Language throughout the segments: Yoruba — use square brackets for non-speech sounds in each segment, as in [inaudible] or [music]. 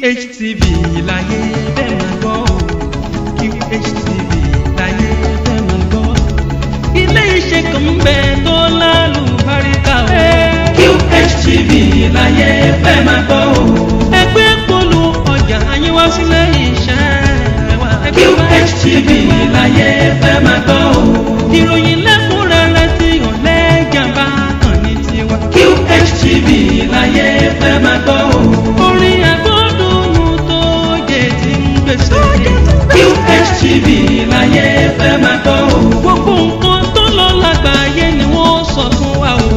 QHTV láyé fẹ́ máa gbọ́ QHTV láyé fẹ́ máa gbọ́ ilé iṣẹ́ kan ń bẹ tó lálùbáríkà o. QHTV láyé fẹ́ máa gbọ́ o. ẹgbẹ́ polu ọjà àyínwá sílẹ̀ iṣẹ́ QHTV láyé fẹ́ máa gbọ́ o. ìròyìn lẹ́kùnrẹ́rẹ́ tí ọ̀lẹ́jàmbá kan ní tiwa. QHTV láyé fẹ́ máa gbọ́ níbí láyé fẹ́ máa tọ́ o. gbogbo nǹkan tó lọ lágbàáyé ni wọ́n sọ fún wa o.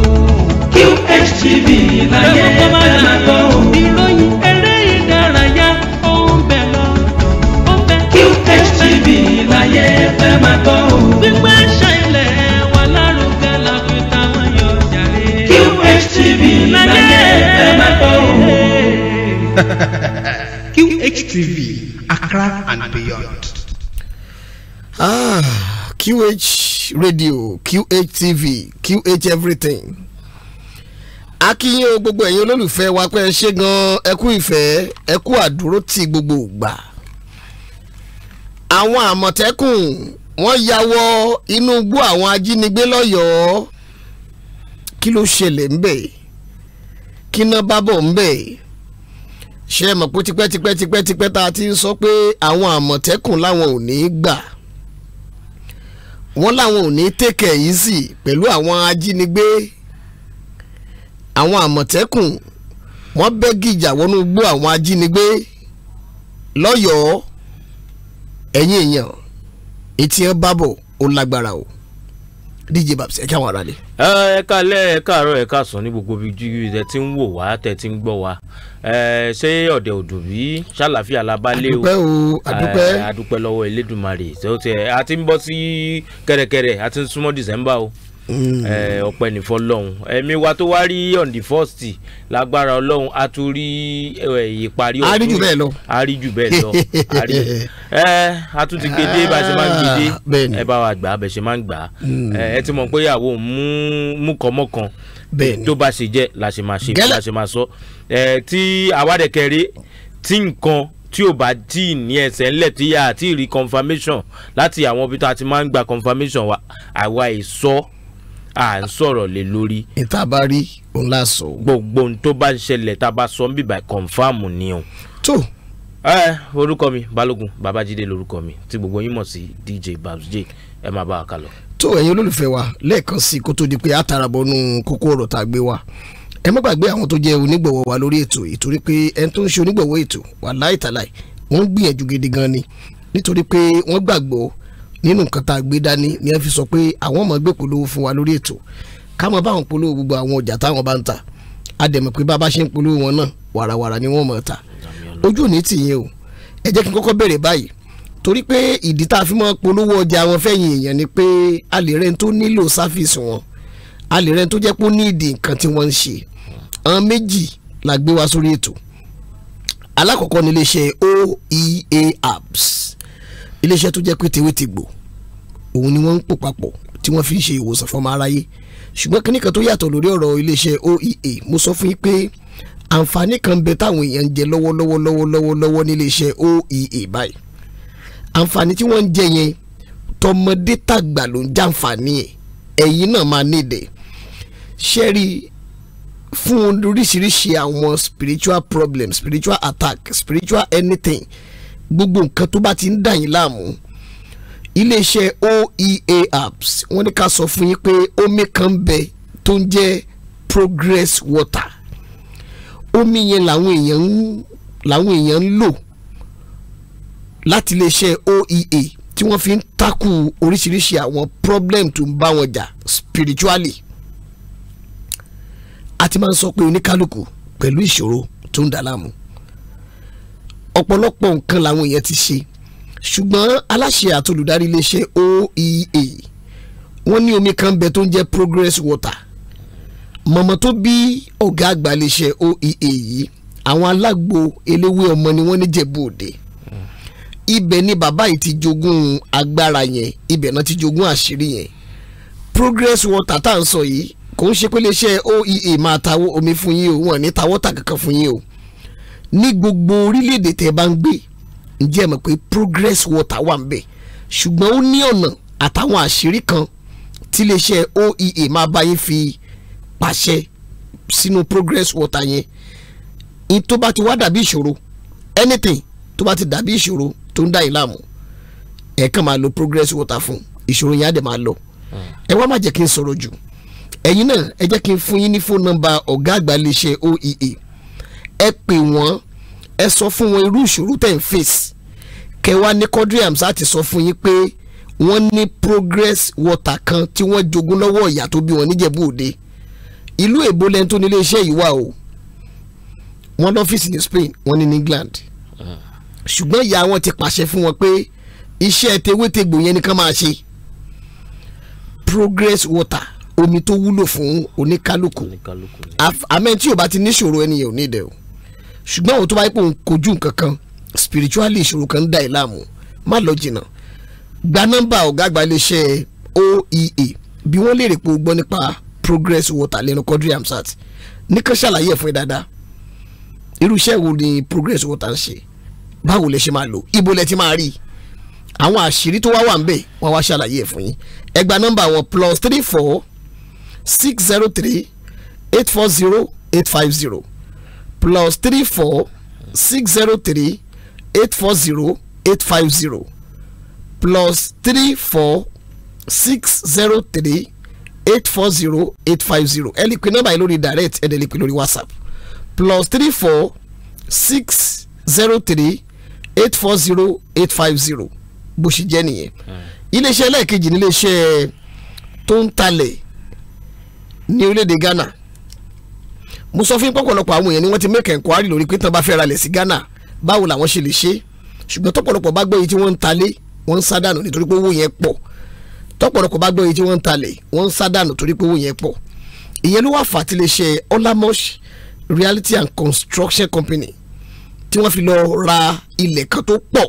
QHTV láyé fẹ́ máa tọ́ o. ìròyìn eré ìdárayá ó ń bẹ̀ lọ ó bẹ̀. QHTV láyé fẹ́ máa tọ́ o. gbígbẹ́ àṣà ilẹ̀ wa lárugẹ la fi táwọn yọ jàre. QHTV láyé fẹ́ máa tọ́ o. [laughs] QHTV Accra and beyond. QH radio QH TV QH everything akínyìn o gbogbo ẹ̀yin olólùfẹ́ wa pé ẹ ṣe gan ẹ kú ìfẹ́ ẹ kú àdúró ti gbogbo ìgbà àwọn àmọ̀tẹ́kùn wọ́n ya wọ inú igbó àwọn ajínigbé lọ́yọ̀ọ́ kí ló ṣẹlẹ̀ ńbẹ̀ kí ná bá ńbẹ̀ ṣe é mọ̀ pé tipẹ́tipẹ́tipẹ́tipẹ́ tá a ti ń sọ pé àwọn àmọ̀tẹ́kùn láwọn ò ní í gbà wọ́n láwọn ò ní tẹ́kẹ̀ yìí sí pẹ̀lú àwọn ajínigbé àwọn àmọ̀tẹ́kùn wọ́n bẹ́gì ìjà wọnú gbó àwọn ajínigbé lọ́yọ̀ọ́ ẹ̀yìn èèyàn etí ẹ̀ bábọ̀ ó lágbára o DJ Babs ẹ̀ kí àwọn ará lè ẹ kálẹ́ ẹ káàárọ̀ ẹ káàsán ní gbogbo ibi jíjí tẹ ti ń wò wá tẹ ti ń gbọ́ wá ṣé ọ̀dẹ̀ òdòbí ṣàlàfíà labalẹ̀ o àdúpẹ́ o àdúpẹ́ àdúpẹ́ lọ́wọ́ Elédùmarè àti ń bọ́ sí kẹ̀rẹ̀kẹ̀rẹ̀ àti ń súnmọ́ December o. Mm. ọpẹ́ nìfọ lọ́hùn ẹ̀mí wa tó wá rí on the first lagbara Ọlọ́run a tún rí ìparí ọdún àríjù bẹ́ẹ̀ lọ àríjù bẹ́ẹ̀ lọ a tún ti gbede bá a ṣe máa ń gbede ah, ẹ bá wa gbà bẹ ṣe máa ń gbà mm. ẹ ti mọ̀ pé ìyàwó mú kọmọkan tó bá ṣe jẹ́ la ṣe máa ṣe la ṣe máa sọ tí àwádẹ́kẹrẹ́ tí nǹkan tí o bá tí ì ní ẹsẹ̀ ńlẹ̀ tí yà á tí ì rí confirmation láti àwọn ibi tá a ti máa ń gba confirmation wa àwa ìsọ. E so à ń sọ̀rọ̀ lé lórí. ìta bá rí òun la sọ. gbogbo ohun tó bá ń ṣẹlẹ̀ tá a bá sọ ń bìbà kọ̀ǹfàmù ni o. tó. ẹ orúkọ mi balógun babájídé lórúkọ mi tí gbogbo yín mọ̀ sí dj babs j ẹ máa bá a kálọ. tó ẹ̀yin olólùfẹ́ wa lẹ́ẹ̀kan sí i kó tó di pé àtàràbọ̀nù kókó ọ̀rọ̀ tá a gbé wa ẹ má gbàgbé àwọn tó jẹ́ onígbọ̀wọ́ wa lórí ètò ìtorí pé ẹni tó ń ṣe onígbọ̀wọ́ ètò wà láìtàláì wọ́n gbìyànjú gidi gan ni nítorí pé wọ́n gbàgbọ́ nínú nǹkan tá a gbé dání ni ẹ fi sọ pé àwọn ọmọ gbé polówó fún wa lórí ètò ká mọ báwọn polówó gbogbo àwọn ọjà táwọn bá ń ta a dẹ̀ mọ̀ pé bá a bá ṣe ń polówó wọn náà wàràwàrà ni wọ́n mọ̀ ta ojú òní tì yín o ẹ jẹ́ kí n kọ́kọ́ bẹ̀rẹ̀ báyìí torí pé ìdí tá a fi máa polówó ọjà wọn fẹ́yìn èèyàn ni pé a lè rẹ́ni tó nílò sáfíìsì wọn a lè rẹ́ni tó jẹ́ pé ó ní ìdí nǹkan tí wọ́n ń ṣe àwọn méjì la gbé wá sórí ètò alákọ̀ọ́kọ́ ni iléeṣẹ́ OEA apps iléeṣẹ́ tó jẹ́ pé tewé ti gbò òun ni wọ́n ń pò papọ̀ tí wọ́n fi ń ṣe ìwòsàn fọmọ aráyé ṣùgbọ́n kíní kan tó yàtọ̀ lórí ọ̀rọ̀ iléeṣẹ́ OEA mo sọ fún yín pé àǹfààní kan bẹ táwọn èèyàn ń jẹ lọ́wọ́lọ́wọ́ lọ́wọ́lọ́wọ́ lọ́wọ́ ní iléeṣẹ́ OEA báyìí àǹfààní tí wọ́n ń jẹ yẹn tọmọdé tàgbà ló ń jẹ àǹfààní ẹ̀ ẹ̀yin náà máa nídẹ̀ ṣẹ́rí fún oríṣiríṣi àwọn spiritual problems spiritual attack spiritual anything gbogbo nǹkan tó bá ti ń dà yín láàmú iléeṣẹ́ oea apps wọ́n ní ká sọ fún yín pé omi kan bẹ tó ń jẹ́ progress water omi yẹn làwọn èèyàn ń làwọn èèyàn ń lò láti iléeṣẹ́ oea tí wọ́n fi ń takù oríṣiríṣi àwọn problem tó ń bá wọn jà spiritually a ti máa ń sọ pé oníkálukú pẹ̀lú ìṣòro tó ń dà láàmú ọ̀pọ̀lọpọ̀ nǹkan làwọn èèyàn ti ṣe ṣùgbọ́n aláṣẹ àtolùdarí iléeṣẹ́ oea wọ́n ní omi kan bẹ tó ń jẹ́ progress water mọ̀mọ́ tó bí ọ̀gá àgbà iléeṣẹ́ oea yìí àwọn alágbo eléwé ọmọ ni wọ́n ní jẹ̀bú òde ibẹ̀ ni bàbá yìí ti jogún agbára yẹn ibẹ̀ náà ti jogún àṣírí yẹn progress water tá à ń sọ yìí kò ń ṣe pé iléeṣẹ́ oea máa tawọ́ omi fún yín o wọ́n ní tawọ́ kankan fún yín o ní gbogbo orílẹ̀-èdè tẹ́ ẹ bá ń gbé ǹjẹ́ mọ̀ pé progress water wà ń bẹ̀ ṣùgbọ́n ó ní ọ̀nà àtàwọn àṣírí kan tí iléeṣẹ́ oea máa bá yín fi pàṣẹ sínú progress water yẹn in tó bá ti wá dàbí ìṣòro anything tó bá ti dàbí ìṣòro tó ń dá yín láàmú ẹ kàn máa lo progress water fún ìṣòro yẹn á dẹ̀ máa lọ ẹ wá má jẹ́ kí n sọ̀rọ̀ jù ẹ̀yin náà ẹ jẹ́ kí n fún yín ní fóònù nọ́mbà ọ̀gá àgbà iléeṣẹ́ oea ẹ pè wọ́n ẹ sọ fún wọn irú ìṣòro tẹ̀ ń fèsì kẹwàá ní Quadri Hamzat sọ fún yín pé wọ́n ní progress water kan tí wọ́n jogún lọ́wọ́ ìyá tó bí wọn níjẹ̀bú òde ìlú èbó lẹ́ni tó nílé iṣẹ́ yìí wà o wọ́n lọ́fíìsì ní Spain wọ́n ní England ṣùgbọ́n ìyá wọn ti pàṣẹ fún wọn pé iṣẹ́ tewétegbò yẹn nìkan máa ṣe progress water omi tó wúlò fún oníkálukú àmẹ́ tí o bá ti níṣòro ẹni yẹn ò ní ìdẹ̀ ṣùgbọ́n àwọn tó bá yẹ kó ń kojú nǹkan kan spiritually ìṣòro kan ń da ìlàmú má lọ jìnnà gba nọ́mbà ọ̀gá àgbà iléeṣẹ́ oea bí wọ́n lè pé o gbọ́ nípa progress water lẹ́nu Quadri Hamzat ní kan ṣàlàyé ẹ̀ fún ẹ dáadáa irú wo ni progress water ń ṣe báwo lẹ ṣe máa lò ibo lẹ ti máa rí àwọn àṣírí tó wá wà ń bẹ wọ́n wá ṣàlàyé ẹ̀ fún yín ẹ gba nọ́mbà wọn plus three four six zero three eight four zero eight five zero plus three four six zero three eight four zero eight five zero plus three four six zero three eight four zero eight five zero ẹ lè pe nọ́mbà yìí lórí direct ẹ dẹ̀ lè pe lórí whatsapp plus three four six zero three eight four zero eight five zero bó ṣe jẹ́ nìyẹn hmm. iléeṣẹ́ ẹlẹ́ẹ̀kejì ní iléeṣẹ́ tó ń talẹ̀ ní orílẹ̀-èdè Ghana mo sọ fún pọ̀pọ̀lọpọ̀ àwọn èèyàn ni wọ́n ti make enquiry lórí pé tán bá fẹ́ ralẹ̀ sí Ghana báwo làwọn ṣe lè ṣe ṣùgbọ́n tọ́pọ̀lọpọ̀ bá gbọ́ èyí tí wọ́n ń talé wọ́n ń sádànù nítorí pé owó yẹn pọ̀ tọ́pọ̀lọpọ̀ bá gbọ́ èyí tí wọ́n ń talé wọ́n ń sádànù torí pé owó yẹn pọ̀ ìyẹn ló wà fà tí iléeṣẹ́ Olamosh Reality and Construction Company tí wọ́n fi lọ ra ilẹ̀ kan tó pọ̀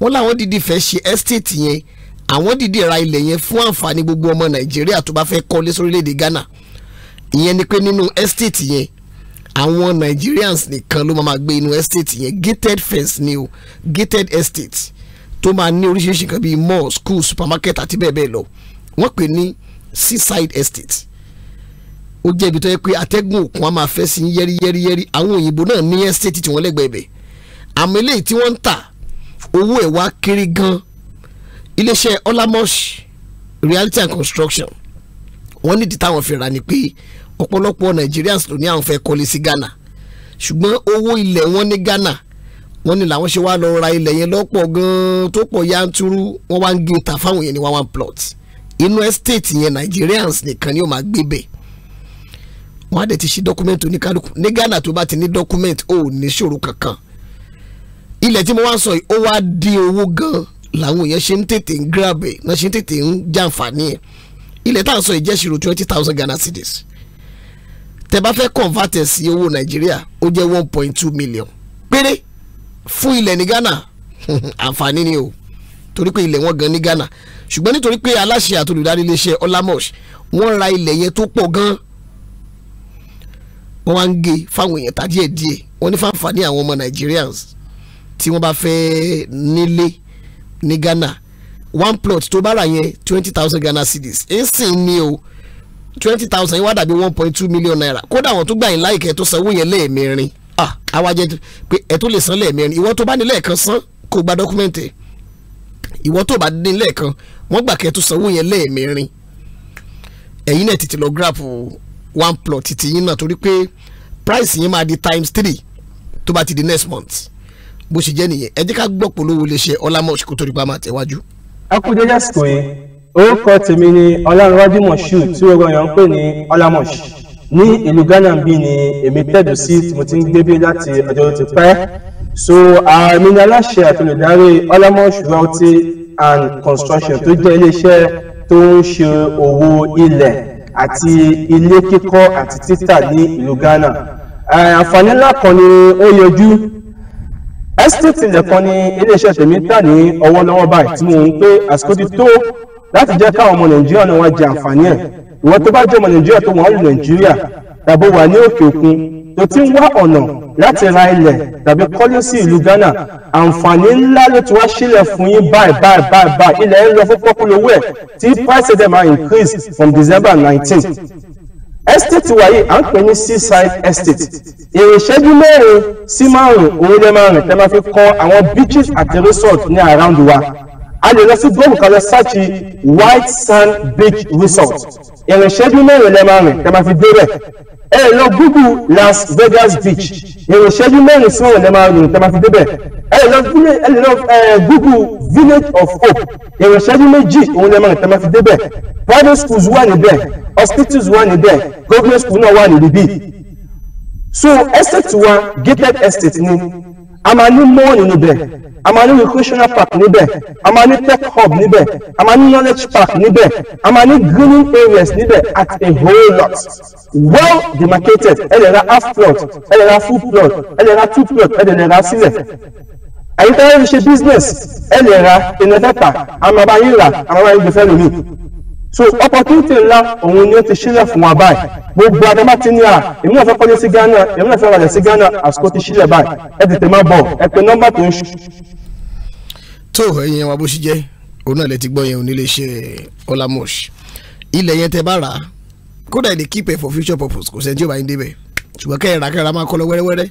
wọ́n láwọn dìdí fẹ́ ṣe estate yẹn àwọn dìdí ra ilẹ̀ yẹn fún àǹfààní gbogbo ọmọ Nàìjíríà tó bá fẹ́ kọ́lé sórílẹ̀-èdè Ghana ìyẹn ni pé nínú estate yẹn àwọn Nigerians nìkan ló máa gbé inú estate yẹn gated fence ni o gated estate tó máa ní oríṣiríṣi nǹkan bíi mall school supermarket àti bẹ́ẹ̀ bẹ́ẹ̀ lọ wọ́n pè ní seaside estate ó jẹ́ ibi tó yẹ pé atẹ́gùn òkun á máa fẹ́ sí yẹ́rí yẹ́rí yẹ́rí àwọn òyìnbó náà ní estate tí wọ́n lẹ́gbẹ̀ẹ́ bẹ̀ àmọ́ eléyìí tí wọ́n ń tà owó ẹ̀ wá kéré gan iléeṣẹ́ olamosh reality and construction wọ́n nídìí táwọn fi ra ni pé ọ̀pọ̀lọpọ̀ Nigerians ló ní àwọn fẹ́ kọ́lé sí Ghana ṣùgbọ́n owó ilẹ̀ wọn ní Ghana wọ́n ní làwọn ṣe wá lọ ra ilẹ̀ yẹn lọ́pọ̀ gan-an tó pọ̀ yanturu wọ́n wá ń gé ta fáwọn yẹn ní one one plot inú estate yẹn Nigerians nìkan ni ó máa gbé bẹ̀ wọ́n á dẹ̀ ti ṣe document oníkálukú ní Ghana tó bá ti ní document ò ní ṣòro kankan ilẹ̀ tí mo wá sọ yìí ó wá di owó gan-an làwọn yẹn ṣe ń tètè ń grab ẹ̀ náà ṣe ń tètè ń jàǹfààní ẹ̀ ilẹ̀ tá à sọ yìí jẹ́ ṣirò twenty thousand Ghana cedis tẹ bá fẹ́ convert ẹ̀ sí owó nàìjíríà ó jẹ́ one point two million péré fún ilẹ̀ ní ghana [laughs] àǹfààní ni o torí pé ilẹ̀ wọn gan ní ghana ṣùgbọ́n nítorí pé aláṣẹ àtolùdarí iléeṣẹ́ olamosh wọ́n ra ilẹ̀ yẹn tó pọ̀ gan wọ́n wá ń gé fáwọn èèyàn tá díẹ̀ díẹ̀ wọ́n ní fáǹfààní àwọn ọmọ nigerians tí wọ́n bá fẹ́ nílé ní ghana one plot tó bá rà yẹn twenty thousand ghana cedis ń sìn ní o twenty thousand yín wá dàbí one point two million naira kódà àwọn tó gbà yín láìkẹ́ tó sanwó yẹn lẹ́ẹ̀mẹrin ah àwa jẹ pé ẹ tó lè san lẹ́ẹ̀mẹrin ìwọ tó bá ní lẹ́ẹ̀kan san kó gba dọ́kúmẹ́ǹtì ìwọ tó bá ní lẹ́ẹ̀kan wọ́n gbà kẹ́ tó sanwó yẹn lẹ́ẹ̀mẹrin ẹ̀yin náà tètè lọ grab one plot títí yín náà torí pé price yín máa di times three tó bá ti di next month bó ṣe jẹ́ nìyẹn ẹ jẹ́ ká gbọ́ polówó lè ṣe ọlámọ̀ ṣe kó torí pa máa tẹ̀wájú. ẹ kú jẹ́jẹ́ sùn yín orúkọ tèmi ni ọlárànwájú mọ̀ṣù tí ó rọyàn ń pè ní ọlámọ̀ṣù ní ìlú ghana bíi ni èmi tẹ̀dù sí tí mo ti ń gbé bí láti ọjọ́ tó ti pẹ́ so àmì ní aláṣẹ àtolùdarí ọlámọ̀ṣù royalty and construction tó jẹ́ iléeṣẹ́ tó ń ṣe òwò ilẹ̀ àti ilé kíkọ́ àti títà ní ìlú ghana àǹfààní ńlá kan ni ó yọjú estate ilẹ̀ kan ní iléeṣẹ́ tèmi tà ní ọwọ́lọ́wọ́ báyìí tí mo ń pé àsìkò ti tó láti jẹ́ káwọn ọmọ nàìjíríà náà wá jẹ àǹfààní ẹ̀ ìwọ tó bá jẹ́ ọmọ nàìjíríà tó wà ń lu nàìjíríà tàbí wà ní òkè òkun tó ti ń wá ọ̀nà láti ra ilẹ̀ tàbí kọ́lé sí ìlú ghana àǹfààní ńlá ló ti wá sílẹ̀ fún yín báyìí báyìí báyìí báyìí ilẹ̀ ń lọ fún pọ́kúlówó ẹ̀ tí price dem are increased from december nineteen estate wàyí à ń pè ní seaside estate èrè ìṣẹ́jú mẹ́rin sí márùn-ún òun lè máa rìn tẹ́ máa fi kọ́ àwọn beaches àti resort ní around wa a lè lọ sí google kan lọ sáàchì white sand beach resort ìrìn ìṣẹ́jú mẹ́rin lẹ́ máa rìn tẹ́ máa fi débẹ̀ ẹ lọ google las vegas beach ìrìn ìṣẹ́jú mẹ́rin sí mẹ́rin lẹ́ máa rìn tẹ́ máa fi débẹ̀ ẹ lọ google village of hope ìrìn ìṣẹ́jú méjì òun lẹ́ máa rìn tẹ́ máa fi débẹ̀ private schools wà níbẹ̀ hospitals wà níbẹ̀ government school náà wà níbí so estate wa gated estate ni a máa ní mọ́ọ̀nì níbẹ̀ a máa ní recreational park níbẹ̀ a máa ní tech hub níbẹ̀ a máa ní knowledge park níbẹ̀ a máa ní greening areas níbẹ̀ at a whole lot well demarcated ẹ lè ra half plot ẹ lè ra full plot ẹ lè ra two plot ẹ lè ra sílẹ̀ àyíká ẹ lè ṣe business ẹ lè ra ìnẹfẹta àmàbáyé rà àmàbáyé gbèsè lómi so opportunity ńlá òun ni ó ti ṣílẹ̀ fún wa báyìí gbogbo adama ti ní à ah, èmi náà fẹ́ kọ́lé sí Ghana èmi náà fẹ́ rajà sí Ghana àsìkò ti ṣílẹ̀ báyìí ẹ tètè má bọ̀ ẹ pe nọ́mbà tó ń ṣe. tó ẹyin wa bó ṣe jẹ́ òun náà lè ti gbọ́ yẹn òun nílé iṣẹ́ olamosh ilẹ̀ yẹn tẹ bá rà á kódà ẹ̀ keep it for future purpose kò sẹ́ni tí ó bá yín débẹ̀ ṣùgbọ́n kẹ́ ẹ̀ rà kẹ́ra máa kọ́ lọ wẹ́rẹ́wẹ́rẹ́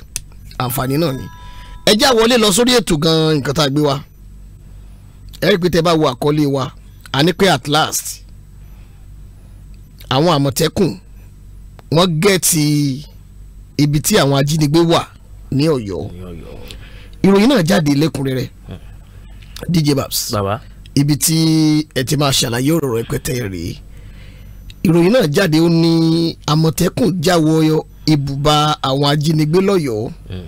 àǹfààní náà ni ẹ já wọlé lọ sórí ètò àwọn àmọ̀tẹ́kùn wọ́n gẹ̀ẹ́tì ibi tí àwọn ajínigbé wà ní ọ̀yọ́ ìròyìn náà jáde lẹ́kùnrẹ́rẹ́ dj babs ibi tí ẹ ti máa ṣàlàyé ọ̀rọ̀ rẹpẹtẹ rèé ìròyìn náà jáde ó ní àmọ̀tẹ́kùn jáwọ́ ibùba àwọn ajínigbé lọ́yọ̀ọ́ hmm.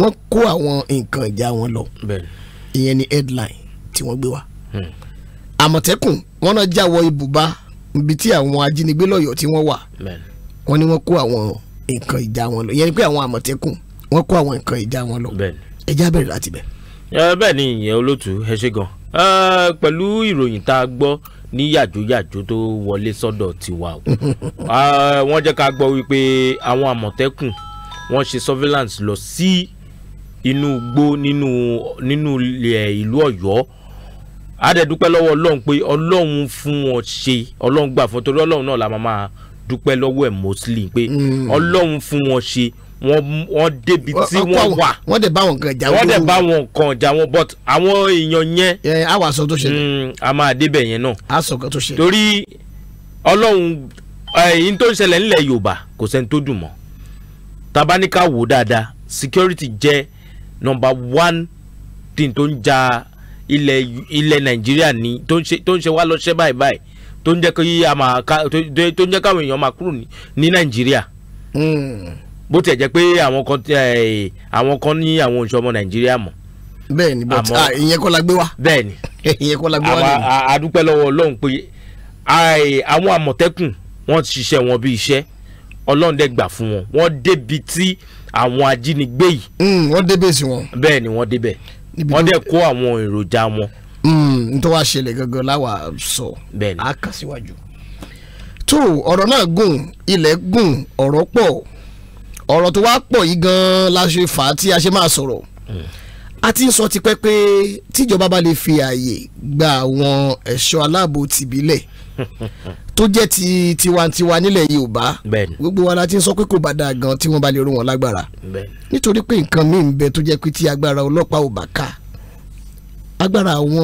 wọ́n kó àwọn nǹkan ìjà wọn lọ ìyẹn ni headline tí wọ́n gbé wá hmm. àmọ̀tẹ́kùn wọ́n náà jáwọ́ ibùba ibi tí àwọn ajínigbé lọ́yọ̀ọ́ tí wọ́n wà wọ́n ní wọ́n kó àwọn nǹkan ìjà wọn lọ yẹn ni pé àwọn àmọ̀tẹ́kùn wọ́n kó àwọn nǹkan ìjà wọn lọ ẹjá bẹ̀rẹ̀ láti bẹ̀. bẹ́ẹ̀ ni ìyẹn olóòtú ẹ ṣe gan pẹ̀lú ìròyìn tá a gbọ́ ní yàjóyàjó tó wọlé sọ́dọ̀ tiwa o [laughs] wọ́n jẹ́ ká gbọ́ wípé àwọn àmọ̀tẹ́kùn wọ́n ṣe surveillance lọ sí inú igbó nínú ilẹ̀ ìlú ọ̀yọ́ àdẹ̀dúpẹ́ lọ́wọ́ ọlọ́run pé ọlọ́run fún wọn ṣe ọlọ́run gbà fún torí ọlọ́run náà la máa máa dúpẹ́ lọ́wọ́ ẹ̀ mostly pé mm. ọlọ́run fún wọn ṣe wọ́n débi tí wọ́n wà wọ́n dẹ̀ bá wọn kan jà wọ́n dẹ̀ bá wọn kan jà wọ́n but àwọn èèyàn yẹn. ẹ á wà sọ tó ṣẹlẹ̀. Mm, a máa débẹ̀ yẹn náà. a sọ kan tó ṣẹlẹ̀. torí ọlọ́run ẹ̀yìn tó ń ṣẹlẹ̀ ńlẹ̀ yorùbá kò sẹ́ni tó dùn mọ́ tabaníkà wò dáadáa security jẹ́ number one thing tó ń ja ilẹ̀ ilẹ̀ nàìjíríà ni, tó ń ṣe tó ń ṣe wá lọ́ṣẹ́ báyìí báyìí tó ń jẹ́ kí a máa ká tó ń jẹ́ káwọn èèyàn máa kúrò ní nàìjíríà. Hmm. bó tiẹ̀ jẹ́ pé àwọn kan àwọn kan ní àwọn oṣù ọmọ nàìjíríà mọ̀. bẹ́ẹ̀ni but ah, ìyẹn kọ́ la gbé wá. bẹ́ẹ̀ni [laughs] ìyẹn kọ́ la gbé wá nìyẹn. a dúpẹ́ lọ́wọ́ ọlọ́run pé àwọn àmọ̀tẹ́kùn wọ́n ti ṣiṣẹ́ wọn bí iṣẹ́ ọlọ́run dẹ̀ gbà fún wọn wọ́n débi tí àwọn ajínigbé yìí. Hmm, wọ́n débè sí wọn. bẹ́ẹ̀ ni wọ́n débẹ̀ wọ́n dẹ̀ kó àwọn èròjà wọn. Hmm, n tó wá ṣẹlẹ̀ gangan láwa sọ a kà síwájú. tó ọ̀rọ̀ náà gùn ilẹ̀ gùn ọ̀rọ̀ pọ̀ ọ̀rọ̀ tó wá pọ̀ yìí gan-an la ṣe fà á tí a ṣe máa sọ̀rọ̀ hmm. a ti ń sọ tipẹ́ pé tíjọba bá lè fi ààyè gba àwọn ẹ̀ṣọ́ aláàbò tìbílẹ̀ tó jẹ́ ti tiwantiwa nílẹ̀ Yorùbá gbogbo wa la ti sọ pé kò bá dáa gan tí wọ́n bá lè ró wọn lágbára nítorí pé nǹkan míì ń bẹ tó jẹ́ pé tí agbára ọlọ́pàá ò bá ká agbára àwọn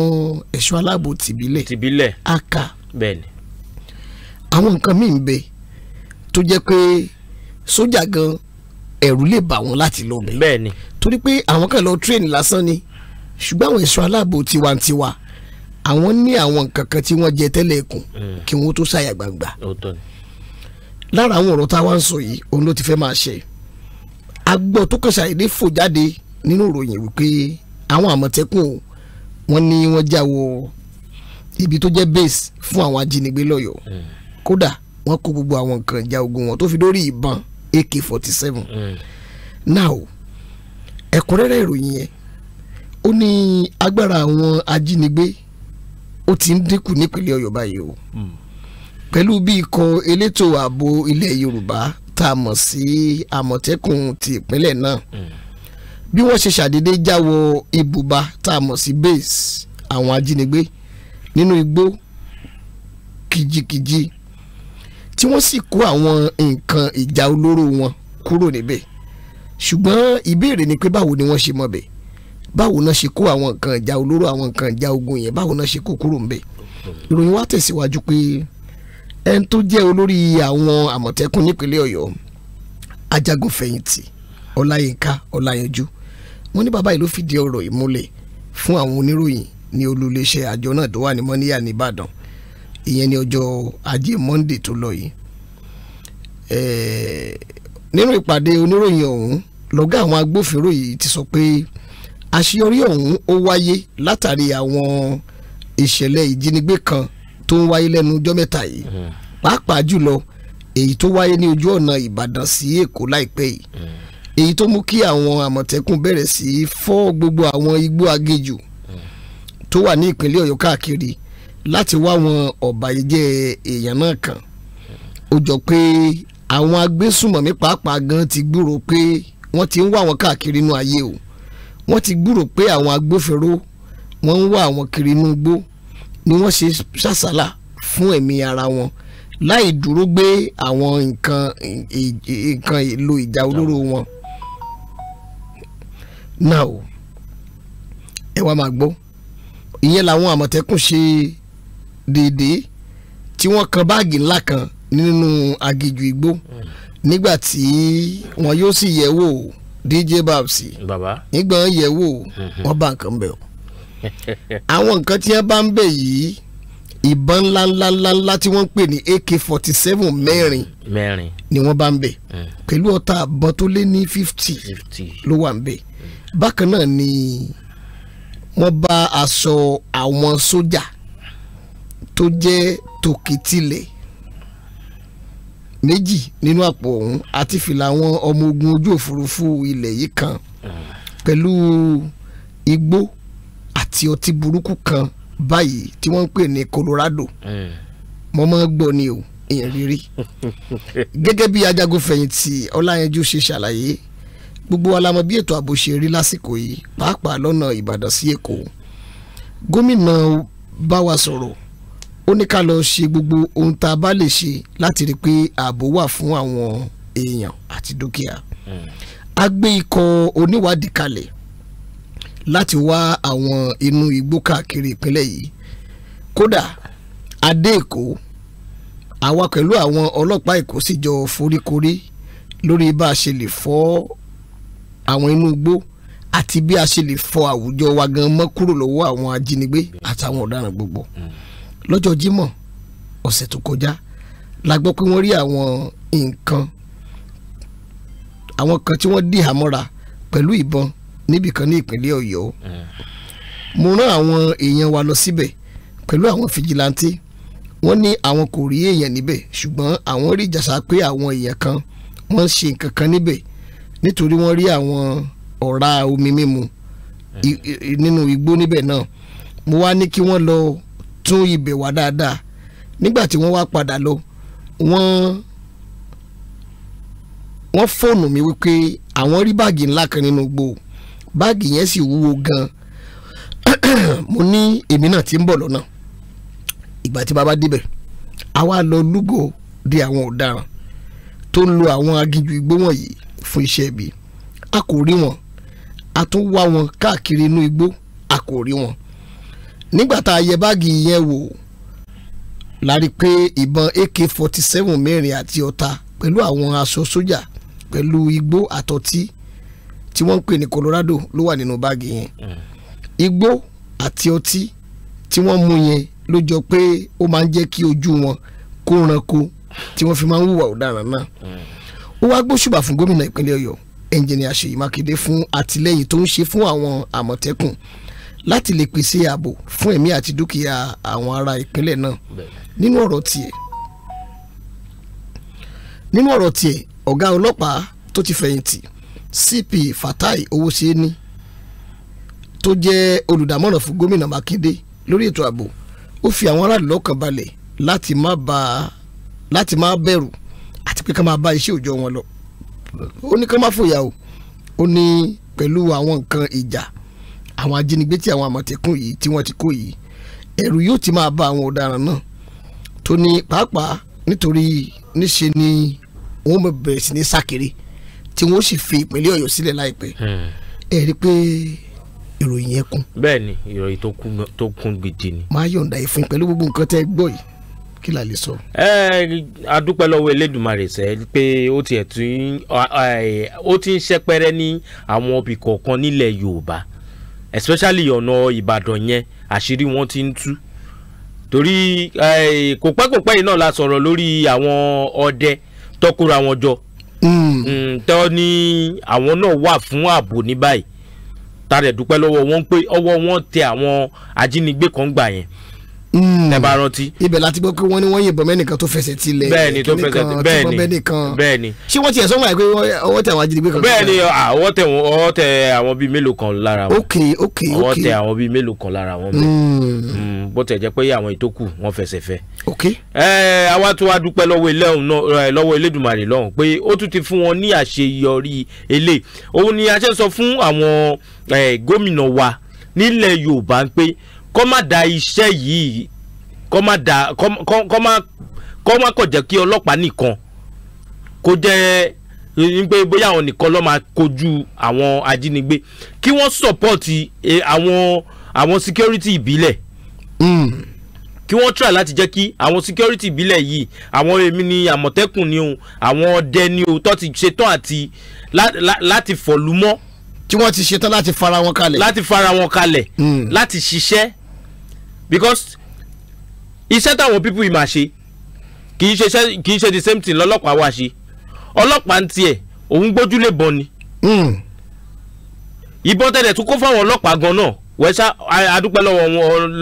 ẹ̀ṣọ́ aláàbò tìbílẹ̀ tìbílẹ̀ á ká àwọn nǹkan míì ń bẹ tó jẹ́ pé sójà gan ẹ̀rù lè bà wọ́n láti lọ torí pé àwọn kan lọ tírèènì lásán ni ṣùgbọ́n àwọn ẹ̀ṣọ́ aláàbò tiwantiwa àwọn ní àwọn nǹkan kan tí wọ́n jẹ tẹ́lẹ̀ kù hmm. kí wọ́n tó ṣàyà gbangba lára àwọn ọ̀rọ̀ tá a wá ń sọ yìí òun ló ti fẹ́ máa ṣe agbọ́ tó kàn ṣàyẹ̀dẹ́ fò jáde nínú ìròyìn wípé àwọn àmọ̀tẹ́kùn wọn ni wọ́n já ibi tó jẹ́ base fún àwọn ajínigbé lọ́yọ̀ọ́ hmm. kódà wọ́n kó gbogbo àwọn nǹkan ìjà ogun wọn tó fi dórí ìbọn ak forty seven hmm. now ẹ̀kúnrẹ́rẹ́ ìròyìn yẹn ó ní agbára àwọn ajínigbé ó ti ń dínkù nípínlẹ̀ Ọ̀yọ́ báyìí o hmm. pẹ̀lú bí ikọ̀ elétò ààbò ilẹ̀ Yorùbá tá a mọ̀ sí Àmọ̀tẹ́kùn ti ìpínlẹ̀ náà hmm. bí wọ́n ṣe ṣàdédé já ibùba tá mọ̀ sí base àwọn ajínigbé nínú igbó kìjikìji tí wọ́n sì kó àwọn nǹkan ìjà olóró wọn kúrò níbẹ̀ ṣùgbọ́n ìbéèrè ni pé báwo ni wọ́n ṣe mọ̀ bẹ́ẹ̀ báwo náà ṣe kó àwọn nǹkan ìjà olóró àwọn nǹkan ìjà ogun yẹn báwo náà ṣe kó kúrò ńbẹ̀ ìròyìn wa tẹ̀síwájú pé ẹni tó jẹ́ olórí àwọn àmọ̀tẹ́kùn nípínlẹ̀ ọ̀yọ́ ajagunfẹ̀yìntì ọláyínká ọláyanjú wọ́n ní bàbá yìí ló fìdí ọ̀rọ̀ yìí múlẹ̀ fún àwọn oníròyìn ní olùléṣẹ́ àjọ náà tó wà ní mọ́níyà nìbàdàn ìyẹn ní ọjọ́ ajé monde tó lọ yìí nínú ìpàdé oníròyìn ọ̀hún lọ́gá àwọn agbófinró yìí ti sọ pé àṣeyọrí ọ̀hún ó wáyé látàrí àwọn ìṣẹ̀lẹ̀ ìjínigbé kan tó ń wáyé lẹ́nu ọjọ́ mẹ́ta yìí mm-hmm. pàápàá jùlọ èyí tó wáyé ní ojú ọ̀nà Ìbàdàn sí Èkó láìpẹ́ yìí mm-hmm. èyí tó mú kí àwọn àmọ̀tẹ́kùn bẹ̀rẹ̀ sí í fọ́ gbogbo àwọn igbó agéjù mm-hmm. tó wà ní ìpínlẹ̀ Ọ̀yọ́ káàkiri láti wá àwọn ọ̀bàyéjẹ́ èèyàn náà kàn ó jọ pé àwọn agbésùmọ̀mí pàápàá gan ti gbúròó pé wọ́n ti ń wá wọn káàkiri inú ayé o. Mm wọ́n ti gbúrò pé àwọn agbófinró wọ́n ń wá àwọn kiri inú igbó ni wọ́n ṣe ṣàṣàlà fún ẹ̀mí ara wọn láì dúró gbé àwọn nǹkan nǹkan èlò ìjà olóró wọn. náà o ẹ wá máa gbọ́ ìyẹn làwọn àmọ̀tẹ́kùn ṣe déédéé tí wọ́n kan báàgì ńlá kan nínú aginjù igbó nígbà tí wọn yóò sì yẹ̀ wò ó dj babsi nígbà yẹ̀ wò mhm. wọ́n bá nǹkan bẹ̀ o [laughs] àwọn nǹkan tí wọ́n bá ń bẹ̀ yìí ìbọn ńláńláńlá tí wọ́n ń pè ní ak forty seven mẹ́rin ni wọ́n bá ń bẹ̀ mm. pẹ̀lú ọta àbọ̀ tó lé ní fifty ló wà ń bẹ̀ bákan náà ni wọ́n bá aṣọ àwọn sójà tó jẹ́ tòkìtìlẹ̀ méjì nínú àpò ọ̀hún àti fìlà àwọn ọmọ ogun ojú òfurufú ilẹ̀ yìí kan pẹ̀lú igbó àti ọtí burúkú kan báyìí tí wọ́n ń pè ní Colorado eh. mo máa gbọ́ ni o èèyàn rírí [laughs] gẹ́gẹ́ bí ajagun fẹ̀yìntì Ọláyanjú ṣe ṣàlàyé gbogbo wa la mọ̀ bí ètò ààbò ṣe rí lásìkò yìí pàápàá lọ́nà Ìbàdàn sí Èkó gómìnà bá wa sọ̀rọ̀ ó ní ká lọ ṣe gbogbo ohun tá a bá lè ṣe láti rí i pé ààbò wà fún àwọn èèyàn àti dúkìá a gbé ikọ̀ oníwádìí kalẹ̀ láti wá àwọn inú igbó káàkiri ìpínlẹ̀ yìí kódà adé èkó àwa pẹ̀lú àwọn ọlọ́pàá èkó sì jọ foríkorí lórí bá a ṣe lè fọ́ àwọn inú igbó àti bí a ṣe lè fọ àwùjọ wa gan mọ́ kúrò lọ́wọ́ àwọn ajínigbé àtàwọn ọ̀daràn gbogbo. Mm lọ́jọ́ Jímọ̀ ọ̀sẹ̀ tó kọjá la gbọ́ pé wọ́n rí àwọn nǹkan àwọn kan tí wọ́n dì hámọ́ra pẹ̀lú ìbọn níbì kan ní ìpínlẹ̀ Ọ̀yọ́ mo rán àwọn èèyàn wa lọ síbẹ̀ pẹ̀lú àwọn fìjìláńtì wọ́n ní àwọn kò rí èèyàn níbẹ̀ ṣùgbọ́n àwọn rí ìjàsá pé àwọn èèyàn kan wọ́n ṣe nǹkan kan níbẹ̀ nítorí wọ́n rí àwọn ọ̀rá omi mímu nínú igbó níbẹ̀ náà mo wá ní kí wọ́n lọ tún ibẹ̀ wá dáadáa nígbà tí wọ́n wá padà lọ wọ́n wọ́n fóònù mi wípé àwọn rí báàgì ńlá kan nínú gbò báàgì yẹn sì wúwo gan [clears throat] mo ní èmi náà ti ń bọ̀ lọ́nà ìgbà tí bàbá débẹ̀ àwa lọ lúgò de àwọn ọ̀daràn tó ń lo àwọn aginjù igbó wọ̀nyí fún iṣẹ́ ibi a kò rí wọn a tún wá wọn káàkiri inú igbó a kò rí wọn nígbà tá a yẹ báàgì yẹn wò la rí pé ìbọn AK-47 mẹ́rin àti ọta pẹ̀lú àwọn aṣọ sójà pẹ̀lú igbó àtọtí tí wọ́n ń pè ní Colorado ló wà nínú báàgì yẹn igbó àti ọtí tí wọ́n mú yẹn ló jọ pé ó máa ń jẹ́ kí ojú wọn kó ranko tí wọ́n fi máa ń hùwà ọ̀daràn náà ó wá gbóṣùbà fún gómìnà ìpínlẹ̀ Ọ̀yọ́ ẹnjìnìà Ṣèyí Mákindé fún àtìlẹ́yìn tó ń ṣe fún àwọn Àmọ̀tẹ́kùn láti lè pèsè ààbò fún ẹ̀mí àti dúkìá àwọn ará ìpínlẹ̀ náà nínú ọ̀rọ̀ tiẹ̀ nínú ọ̀rọ̀ tiẹ̀ ọ̀gá ọlọ́pàá tó ti fẹ̀yìntì CP Fatai Owóṣeéní tó jẹ́ olùdámọ̀ràn fún gómìnà Mákindé lórí ètò ààbò ó fi àwọn aráàlú lọ́kàn balẹ̀ láti má ba láti má bẹ̀rù àti pé ká máa bá iṣẹ́ òòjọ́ wọn lọ ó ní ká má fòyà o ó ní pẹ̀lú àwọn nǹkan ìjà àwọn ajínigbé tí àwọn àmọ̀tẹ́kùn yìí tí wọ́n ti kó yìí ẹ̀rù yóò ti máa bá àwọn ọ̀daràn náà tó ní pàápàá nítorí níṣe ni wọ́n mọ̀ bẹ̀rẹ̀ sí ní sákiri tí wọ́n sì fi ìpínlẹ̀ ọ̀yọ́ sílẹ̀ láìpẹ́ hmm. ẹ̀ rí i pé ìròyìn yẹn kún. bẹ́ẹ̀ni ìròyìn tó kún gidi ni. máa yọ̀ǹda ìfún pẹ̀lú gbogbo nǹkan tẹ́ gbọ́ yìí kí la lè sọ. ẹ adúpẹ́ lọ́wọ́ Elédùmarè sẹ́ pé ó tiẹ̀ tún ó ti ń ṣẹ́pẹ́rẹ́ ní àwọn ibì kọ̀ọ̀kan nílẹ̀ Yorùbá especially ọ̀nà ìbàdàn yẹn àṣírí wọn ti ń tú torí eh, kò pẹ́ kò pẹ́ yìí náà la sọ̀rọ̀ lórí àwọn ọdẹ tọkùnra wọn jọ hmm. hmm, tọ́ ni àwọn náà wà fún ààbò ní báyìí tá a rẹ̀ dúpẹ́ lọ́wọ́ wọn pé ọwọ́ wọn tẹ àwọn ajínigbé kan gbà yẹn Hmm. ẹ bá rántí. ibẹ̀ láti gbọ́ pé wọ́n ní wọ́n yìnbọn mẹ́nìkan tó fẹsẹ̀ tilẹ̀ bẹ́ẹ̀ni tó fẹsẹ̀ bẹ́ẹ̀ni bẹ́ẹ̀ni bẹ́ẹ̀ni. ṣé wọ́n ti ẹ̀sọ́ wọn àìpé ọwọ́ tẹ àwọn ajínigbé kan. bẹ́ẹ̀ni ah, ọwọ́ tẹ ọwọ́ tẹ àwọn bíi mélòó kan lára wọn. ok ok ok ọwọ́ tẹ àwọn bíi mélòó kan lára wọn. Hmm. Hmm, bó tẹ̀ jẹ́ pé àwọn ìtókù wọn fẹsẹ̀ fẹ́. ok. ẹ àwa tó wá dúpẹ́ lọ́wọ́ Elédùmarè lọ́hùn pé ó tún ti fún wọn ní àṣeyọrí eléyìí òun ni a ṣe sọ fún àwọn gómìnà wa nílẹ̀ Yorùbá pé kọ́ má da iṣẹ́ yìí kọ́ má da kọ́ má kọ́ má kọ̀ jẹ́ kí ọlọ́pàá nìkan kó jẹ́ pé bóyá àwọn nìkan ló máa kojú àwọn ajínigbé kí wọ́n sọ̀pọ̀tì e, àwọn àwọn security ìbílẹ̀ hmm. kí wọ́n try láti jẹ́ kí àwọn security ìbílẹ̀ yìí àwọn èmi ni àmọ̀tẹ́kùn ni o àwọn ọdẹ ni o tó ti ṣetán àti láti fọ̀lú mọ́. tí wọ́n ti ṣetán láti fara wọn kalẹ̀. láti fara wọn kalẹ̀. Hmm. láti ṣiṣẹ́ because iṣẹ́ táwọn pípù yìí máa ṣe kì í ṣe kì í ṣe the same thing lọ́lọ́pàá wá ṣe ọlọ́pàá ń tiẹ̀ òun gbójúlé bọ̀ ni hmm. ìbọn tẹ̀lẹ̀ tún kó fáwọn ọlọ́pàá gan náà wẹ́sà adúpẹ́ lọ́wọ́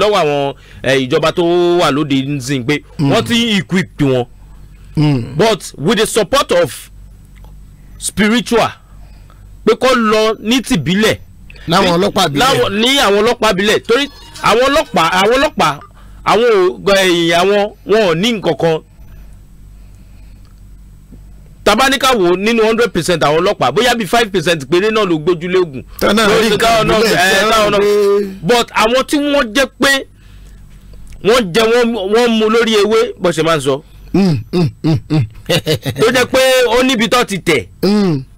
lọ́wọ́ àwọn ìjọba tó wà lóde nzin pé hmm. wọ́n ti equip wọn hmm. but with the support of spiritual pé kó lọ ní tìbílẹ̀ láwọn ọlọ́pàá abilẹ̀ ní àwọn ọlọ́pàá abilẹ̀ torí àwọn ọlọ́pàá àwọn ọlọ́pàá àwọn ẹ̀yìn àwọn wọn ò ní nǹkankan tabaníkà wò nínú hundred percent àwọn ọlọ́pàá bóyá bíi five percent péré náà ló gbójúlé ogun lórí káwọn náà ẹ káwọn náà but àwọn tí wọ́n jẹ́ pé wọ́n jẹ wọ́n mu lórí ewé bó ṣe máa ń sọ mm, mm, mm, tó jẹ́ pé ó níbi tó ti tẹ̀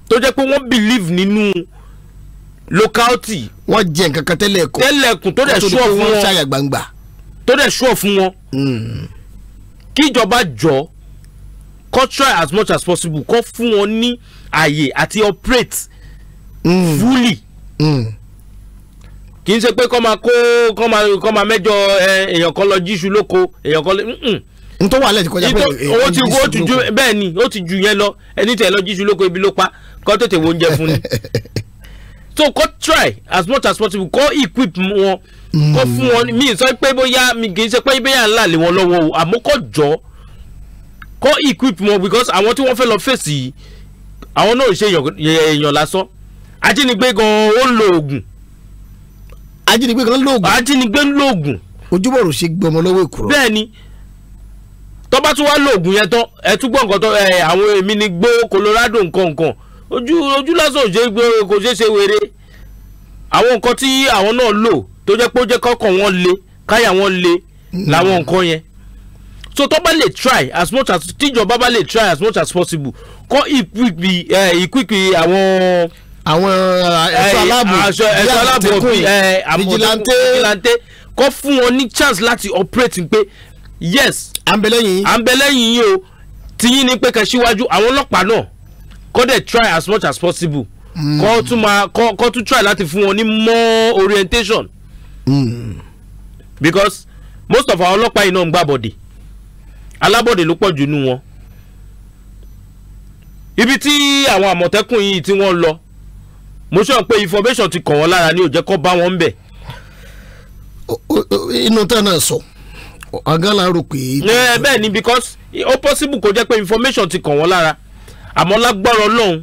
tó jẹ́ pé wọ́n believe nínú lókàótì. wọ́n jẹ nǹkan kan tẹ́lẹ̀ kù tẹ́lẹ̀ kù tó dẹ̀ sọ fún wọn ṣàyà gbangba. tó dẹ̀ sọ fún wọn. Hmm. kíjọba jọ kó try as much as possible kó fún wọn ní àyè àti operate mm. fully. Mm kì í ṣe pé kọ́ máa kó kọ́ máa kọ́ máa mẹ́jọ èèyàn kan lọ jíṣu lóko èèyàn kan lọ. n tó wà lẹ́yìn kọjá pé owó eh, ti owó ti ju bẹ́ẹ̀ ni ó ti ju yẹn lọ ẹni tẹ̀ lọ jíṣu lóko ibi ló pa kọ́ tètè wo oúnjẹ fún ni [laughs] so kó try as much as possible kó equip wọn kó fún wọn mi sọ pé bóyá mi kì í ṣe pé bóyá ńlá lé wọn lọ́wọ́ o àmọ́ kó jọ kó equip wọn because àwọn tí wọ́n fẹ́ lọ fèsì yìí àwọn náà ṣe èèyàn lásán ajínigbé gan ó lo oògùn. ajínigbé gan lo oògùn. ajínigbé ń lo oògùn. ojúbọ̀rọ̀ ṣe gbọmọ lọ́wọ́ èkúrọ́. bẹ́ẹ̀ni tọ́ba tún wá lo oògùn yẹn tán ẹ tún gbọ́ nǹkan tán àwọn èmi ni gbó Colorado nǹkan nǹkan ojú ojú lásán ò ṣe gbé kò ṣe ṣe wèrè àwọn nǹkan tí àwọn náà lò tó jẹ́ pé ó jẹ́ kọ́kàn wọn le káyà wọn le làwọn hmm. nǹkan yẹn so tó bá lè try as much as tíjọba bá lè try as much as possible kọ́ ìpìpì àwọn àwọn ẹ̀ṣọ́ aláàbò ẹ̀ṣọ́ aláàbò bíi vigilante vigilante kọ́ fún wọn ní chance láti operate pé yes. àǹbẹ̀lẹ́yìn yìí àǹbẹ̀lẹ́yìn yìí o tiyín ni pé kẹ́ síwájú àwọn ọlọ́pàá náà kọ́ dẹ̀ try as much as possible mm. kọ́ tún máa kọ́ tún try láti fún wọn ní more orientation mm. because most of our ọlọ́pàá yìí náà ń gbàbọ̀dè alábọ̀dè ló pọ̀ jù nú wọn ibi tí àwọn àmọ̀tẹ́kùn yìí tí wọ́n lọ mo sọ pé information ti kàn wọ́n lára ni ò jẹ́ kó bá wọn ń bẹ̀. inú tẹ́ náà sọ ọ̀gá pé. Eh, bẹ́ẹ̀ ni because ó possible kó jẹ́ pé information ti kàn wọ́n lára àmọ́ lágbára ọlọ́run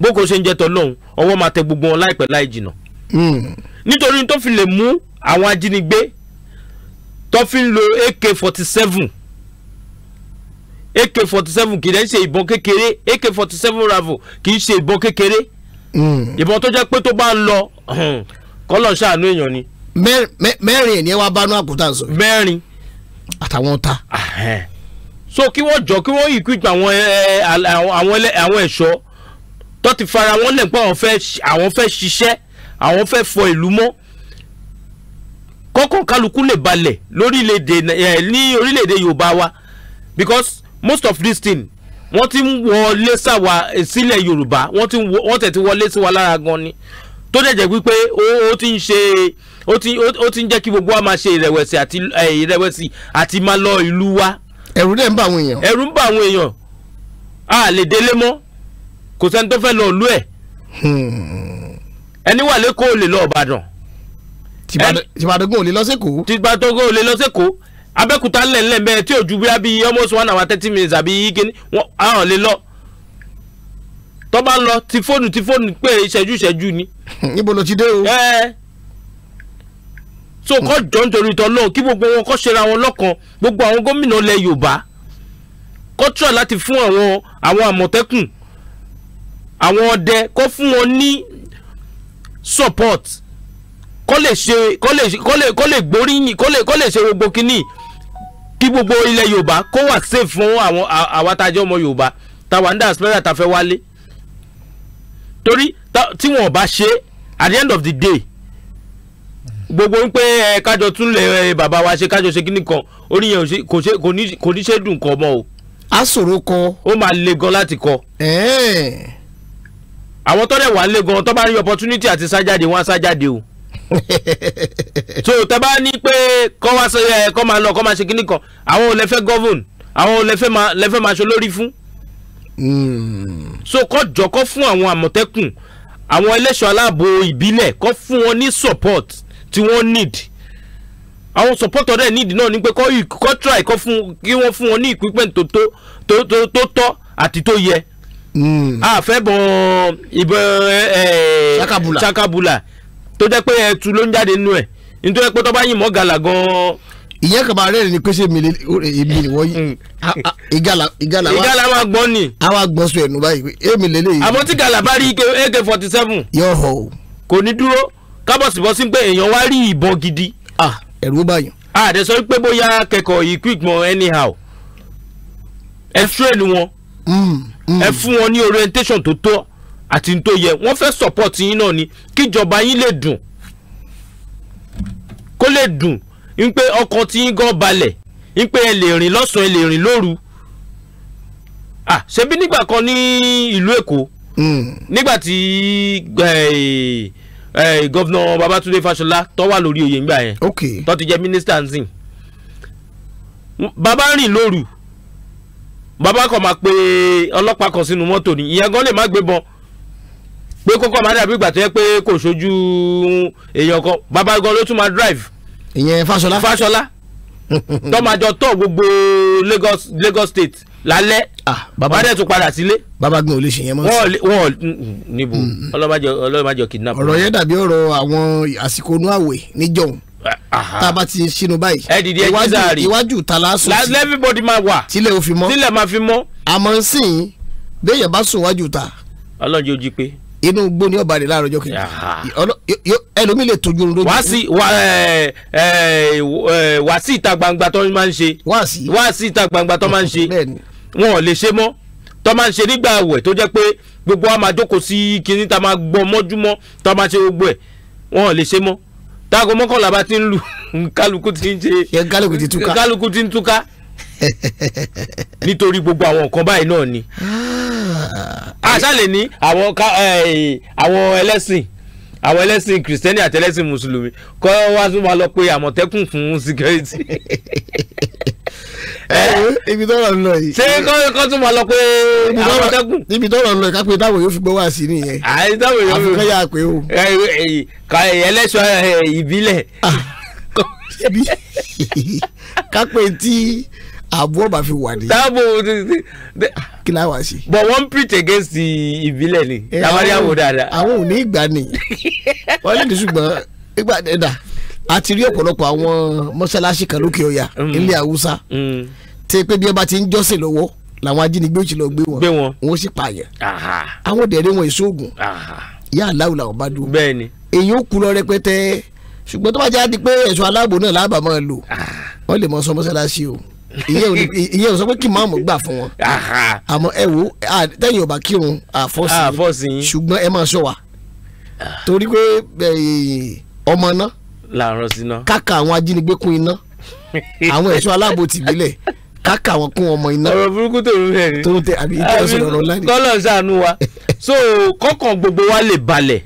bó kò ṣe ń jẹ́ tọ́lọ́run ọwọ́ máa tẹ gbogbo wọn láìpẹ́ láì jìnà. Hmm. nítorí tó fi lè mú àwọn ajínigbé tó fi ń lo ak forty seven ak forty seven kì í ṣe ìbọn kékeré ak forty seven rifle kì í ṣe ìbọn kékeré hmm. ìbọn tó jẹ́ pé tó bá ń lọ hmm, kọ́lọ̀ ṣàánú èèyàn ni. mẹ́rin ẹ̀ ní ẹ wá bá nú àkútà sọ. mẹ́rin. àtàwọn ta so kí wọ́n jọ kí wọ́n yìí kú àwọn eh, eh, àwọn ẹ̀ṣọ́ tó ti fara wọn lẹ̀ pé àwọn fẹ́ àwọn fẹ́ ṣiṣẹ́ àwọn fẹ́ fọ ìlú mọ́ kọ́kàn kálukú lè balẹ̀ lórílẹ̀‐èdè eh, ní orílẹ̀‐èdè Yorùbá wa because most of this thing wọ́n ti ń wọlé sáwa sílẹ̀ Yorùbá wọ́n tẹ̀ ti wọlé sí wa lára gan ni tó dẹ̀ jẹ́ wípé ó ti ń ṣe ó ti ń jẹ́ kí gbogbo wa máa ṣe ìrẹ̀wẹ̀sì àti ìrẹ̀wẹ̀sì àti máa lọ ìlú wa ẹ̀rù dẹ̀ ń bà àwọn èèyàn. ẹ̀rù ń bà àwọn èèyàn a lè délé mọ́ kò sẹ́ni tó fẹ́ lọ lú ẹ̀ hmm. ẹni wà lẹ́kọ̀ọ́ lè lọ Ìbàdàn. tìbàdàgùn ò lè lọ sẹ́kọ̀ọ́. tìbàdàgùn ò lè lọ sẹ́kọ̀ọ́ Abẹ́òkúta ńlẹ̀ńlẹ̀ bẹ́ẹ̀ tí òjú bíi bíi almost one hour thirty minutes àbí kíní wọn àwọn lè lọ tó bá ń lọ ti fóònù ti fóònù pé ìṣẹ́jú ìṣẹ́jú ni. [laughs] níbo ló ti dé o. ẹ so kọ́ jọ nítorí tọ́lọ́ kí gbogbo wọn kọ́ ṣera wọn lọ́kan gbogbo àwọn gómìnà ilẹ̀ Yorùbá kọ́ tíra láti fún àwọn àwọn àmọ̀tẹ́kùn àwọn ọdẹ kọ́ fún wọn ní support kọ́ lè ṣe kọ́ lè kọ́ lè kọ́ lè gbóríyìn kọ́ lè kọ́ lè ṣe gbogbo kínní kí gbogbo ilẹ̀ Yorùbá kó wà safe fún àwọn àwa tá a jẹ́ ọmọ Yorùbá táwa ń dà spẹ́rẹ́ àtàfẹ́ wálé torí tí wọn ò bá ṣe at the end of the day gbogbo ń pé ẹ kájọ tún lè bàbá wa ṣe kájọ ṣe kíní kan orí yẹn kò ní ṣe dùn kọ mọ́ o. a ṣòro kọ. ó máa le gan láti kọ. àwọn tó wà le gan tó bá rí opportunity àti sájáde wọn á sájáde o. [laughs] so tẹ bá ní pé kọ́ wá ṣe kọ́ máa lọ kọ́ máa ṣe kíní kan àwọn ò lè fẹ́ govern àwọn ò lè fẹ́ máa ṣe olórí fún. Hmm. so kọ́ jọ̀kọ́ fún àwọn àmọ̀tẹ́kùn àwọn ẹlẹ́ṣọ́ aláàbò ìbílẹ̀ kọ́ fún wọn ní support tí wọ́n need àwọn supporter dẹ̀ need náà ni pé kọ́ kọ́ try kọ́ fún kí wọ́n fún wọn ní equipment tó tó tó tó tó tọ́ àti tó yẹ. Hmm. a fẹ́ bọ̀n ìbọn sakabula tó jẹ́ pé ẹ̀tù ló ń jáde nínú ẹ̀ nítorí pé tó bá yìn mọ́ gàlà gan-an ìyẹn kaba rẹ ni pèsè mi èmi ni wọ́n yí ìgalà ìgalà wa ìgalà wa gbọ́n ni àwa gbọ́n sọ ẹ̀nu báyìí èmi lélẹ́yìí. àmọ́ tí gàlà bá rí ak forty seven. yọ̀ọ̀ kò ní dúró kábọ̀sibọ́sí pé èèyàn wá rí ìbọn gidi. ah ẹ̀rù báyọ̀. a dẹ̀ sọ pé bóyá kẹ́kọ̀ọ́ yìí quick mọ anyhow ẹ train wọn mm, mm. ẹ fún wọn ní orientation tó tọ́ àti tó yẹ wọ́n fẹ́ support yín náà ni kíjọba yín lè dùn kó lè dùn ń pé ọkàn tí yín gan balẹ̀ ń pé ẹ lè rìn lọ́sàn-án ẹ lè rìn lóru ah ṣebí nígbà kan ní ìlú Èkó mm. nígbà tí gọ́vnà Babátúndé Fáṣọlá tó wà lórí oyè ńgbà yẹn tó ti jẹ́ mínísítà ń sìn bàbá rìn lóru bàbá kan máa pe ọlọ́pàá kan sínú mọ́tò ni ìyẹn gan lè má gbé bọn pé kókó máa dàbí ìgbà tó yẹ pé kò ṣojú èèyàn kan bàbá gan ló tún máa drive. ìyẹn Fáṣọlá Fáṣọlá tó máa jọ tó gbogbo Lagos Lagos State lálẹ́ ah, bàbá dẹ̀ tún padà sílé. bàbá gan ò lè ṣèyẹn mọ́ sí. wọ́n mm, mm, níbo ọlọ́mọdé mm. ọlọ́mọdé kidnap. ọ̀rọ̀ yẹn dàbí ọ̀rọ̀ àwọn àsìkò inú àwẹ̀ níjọ́un ah, tá a bá ti ṣínú báyìí. ẹ dìde ẹjí sáré iwájú ta la sùn sí. everybody máa wà. tilẹ̀ ò fi mọ́. tilẹ̀ máa fi mọ́. àmọ́ sìn bẹ́ẹ̀ yẹn bá sùn wájú ta. ọlọ́jọ́ ojú pé inú igbó ni ọba rẹ̀ láàárọ̀ ọjọ́ kejì ẹlòmíì lè tójú oorun lójú. wá sí wá sí ìta gbangba tó máa ń ṣe wá sí ìta gbangba tó máa ń ṣe wọn ò lè ṣe mọ́ tó máa ń ṣe nígbà àwẹ̀ tó jẹ́ pé gbogbo wa máa jókòó sí kinní tá a máa gbọ́n mọ́júmọ́ tá a máa ṣe gbogbo ẹ̀ wọn ò lè ṣe mọ́ táago mọ́kànlá bá ti ń lù [laughs] kálukú ti ń ṣe kálukú ti ń túká [laughs] nítorí gbogbo àwọn nǹkan báyìí náà ni ah àṣà ah, lè ní àwọn eh, àwọn ẹlẹ́sìn àwọn ẹlẹ́sìn kìrìsìtẹ́nì àti ẹlẹ́sìn mùsùlùmí kọ́ wá tún máa lọ pé àmọ̀tẹ́kùn fún síkírẹ́tì. [laughs] Eh, ibi tọ́rọ̀ ń lọ yìí. ṣé kọ́ tún máa lọ pé àmọ̀tẹ́kùn. ibi tọ́rọ̀ ń lọ yìí kápẹ́ táwọn yóò fi gbọ́ wá sí nìyẹn. àyè táwọn yóò fi àfikún yà pé o. Eh, ẹlẹ́sọ̀ ìbílẹ̀. Ah, [laughs] [laughs] kápẹ́ tí àbúrò bá fi wà ní. dáàbò kí náà wá sí. but wọ́n preach against the ìbílẹ̀ ni eh, tàbárí àwò dáadáa. àwọn ò ní ìgbà ni [laughs] wọ́n lè ní ṣùgbọ́n ìgbà dẹ́dà a ti rí ọ̀pọ̀lọpọ̀ àwọn mọ́ṣáláṣí kan lókè ọ̀yà mm. ilé haúsá mm. tí pé bí wọ́n bá ti ń jọ́sìn lọ́wọ́ làwọn ajínigbé ò ti lọ gbé wọn gbé wọn wọn sì pààyàn àwọn dẹ̀rẹ̀ wọn ìṣoògùn yà á láwùlà ọba dùn bẹ́ẹ̀ni èyí ó kú lọ rẹpẹtẹ ṣùgbọ́n tó bá jáde pé ẹ̀ṣọ́ aláàbò náà lábàá lò wọ́n lè mọ sọ o ìyẹn ò sọ pé kí máàmù gbà fún wọn àmọ́ ẹ wo tẹ̀yìn ọba kírun àfọsí ṣùgbọ́n ẹ máa ṣọ́ wa torí pé ọmọ náà làárọ̀ síná káka àwọn ajínigbé kún iná àwọn ẹ̀ṣọ́ aláàbò tìbílẹ̀ káka wọn kún ọmọ iná. ọ̀rọ̀ burúkú tó ń bẹ̀ tó ń tẹ àbí ìjọ sọ̀rọ̀ ọ̀rọ̀ láyé. kọ́lọ̀ ṣàánú wa so kọ́kàn gbogbo wa lè balẹ̀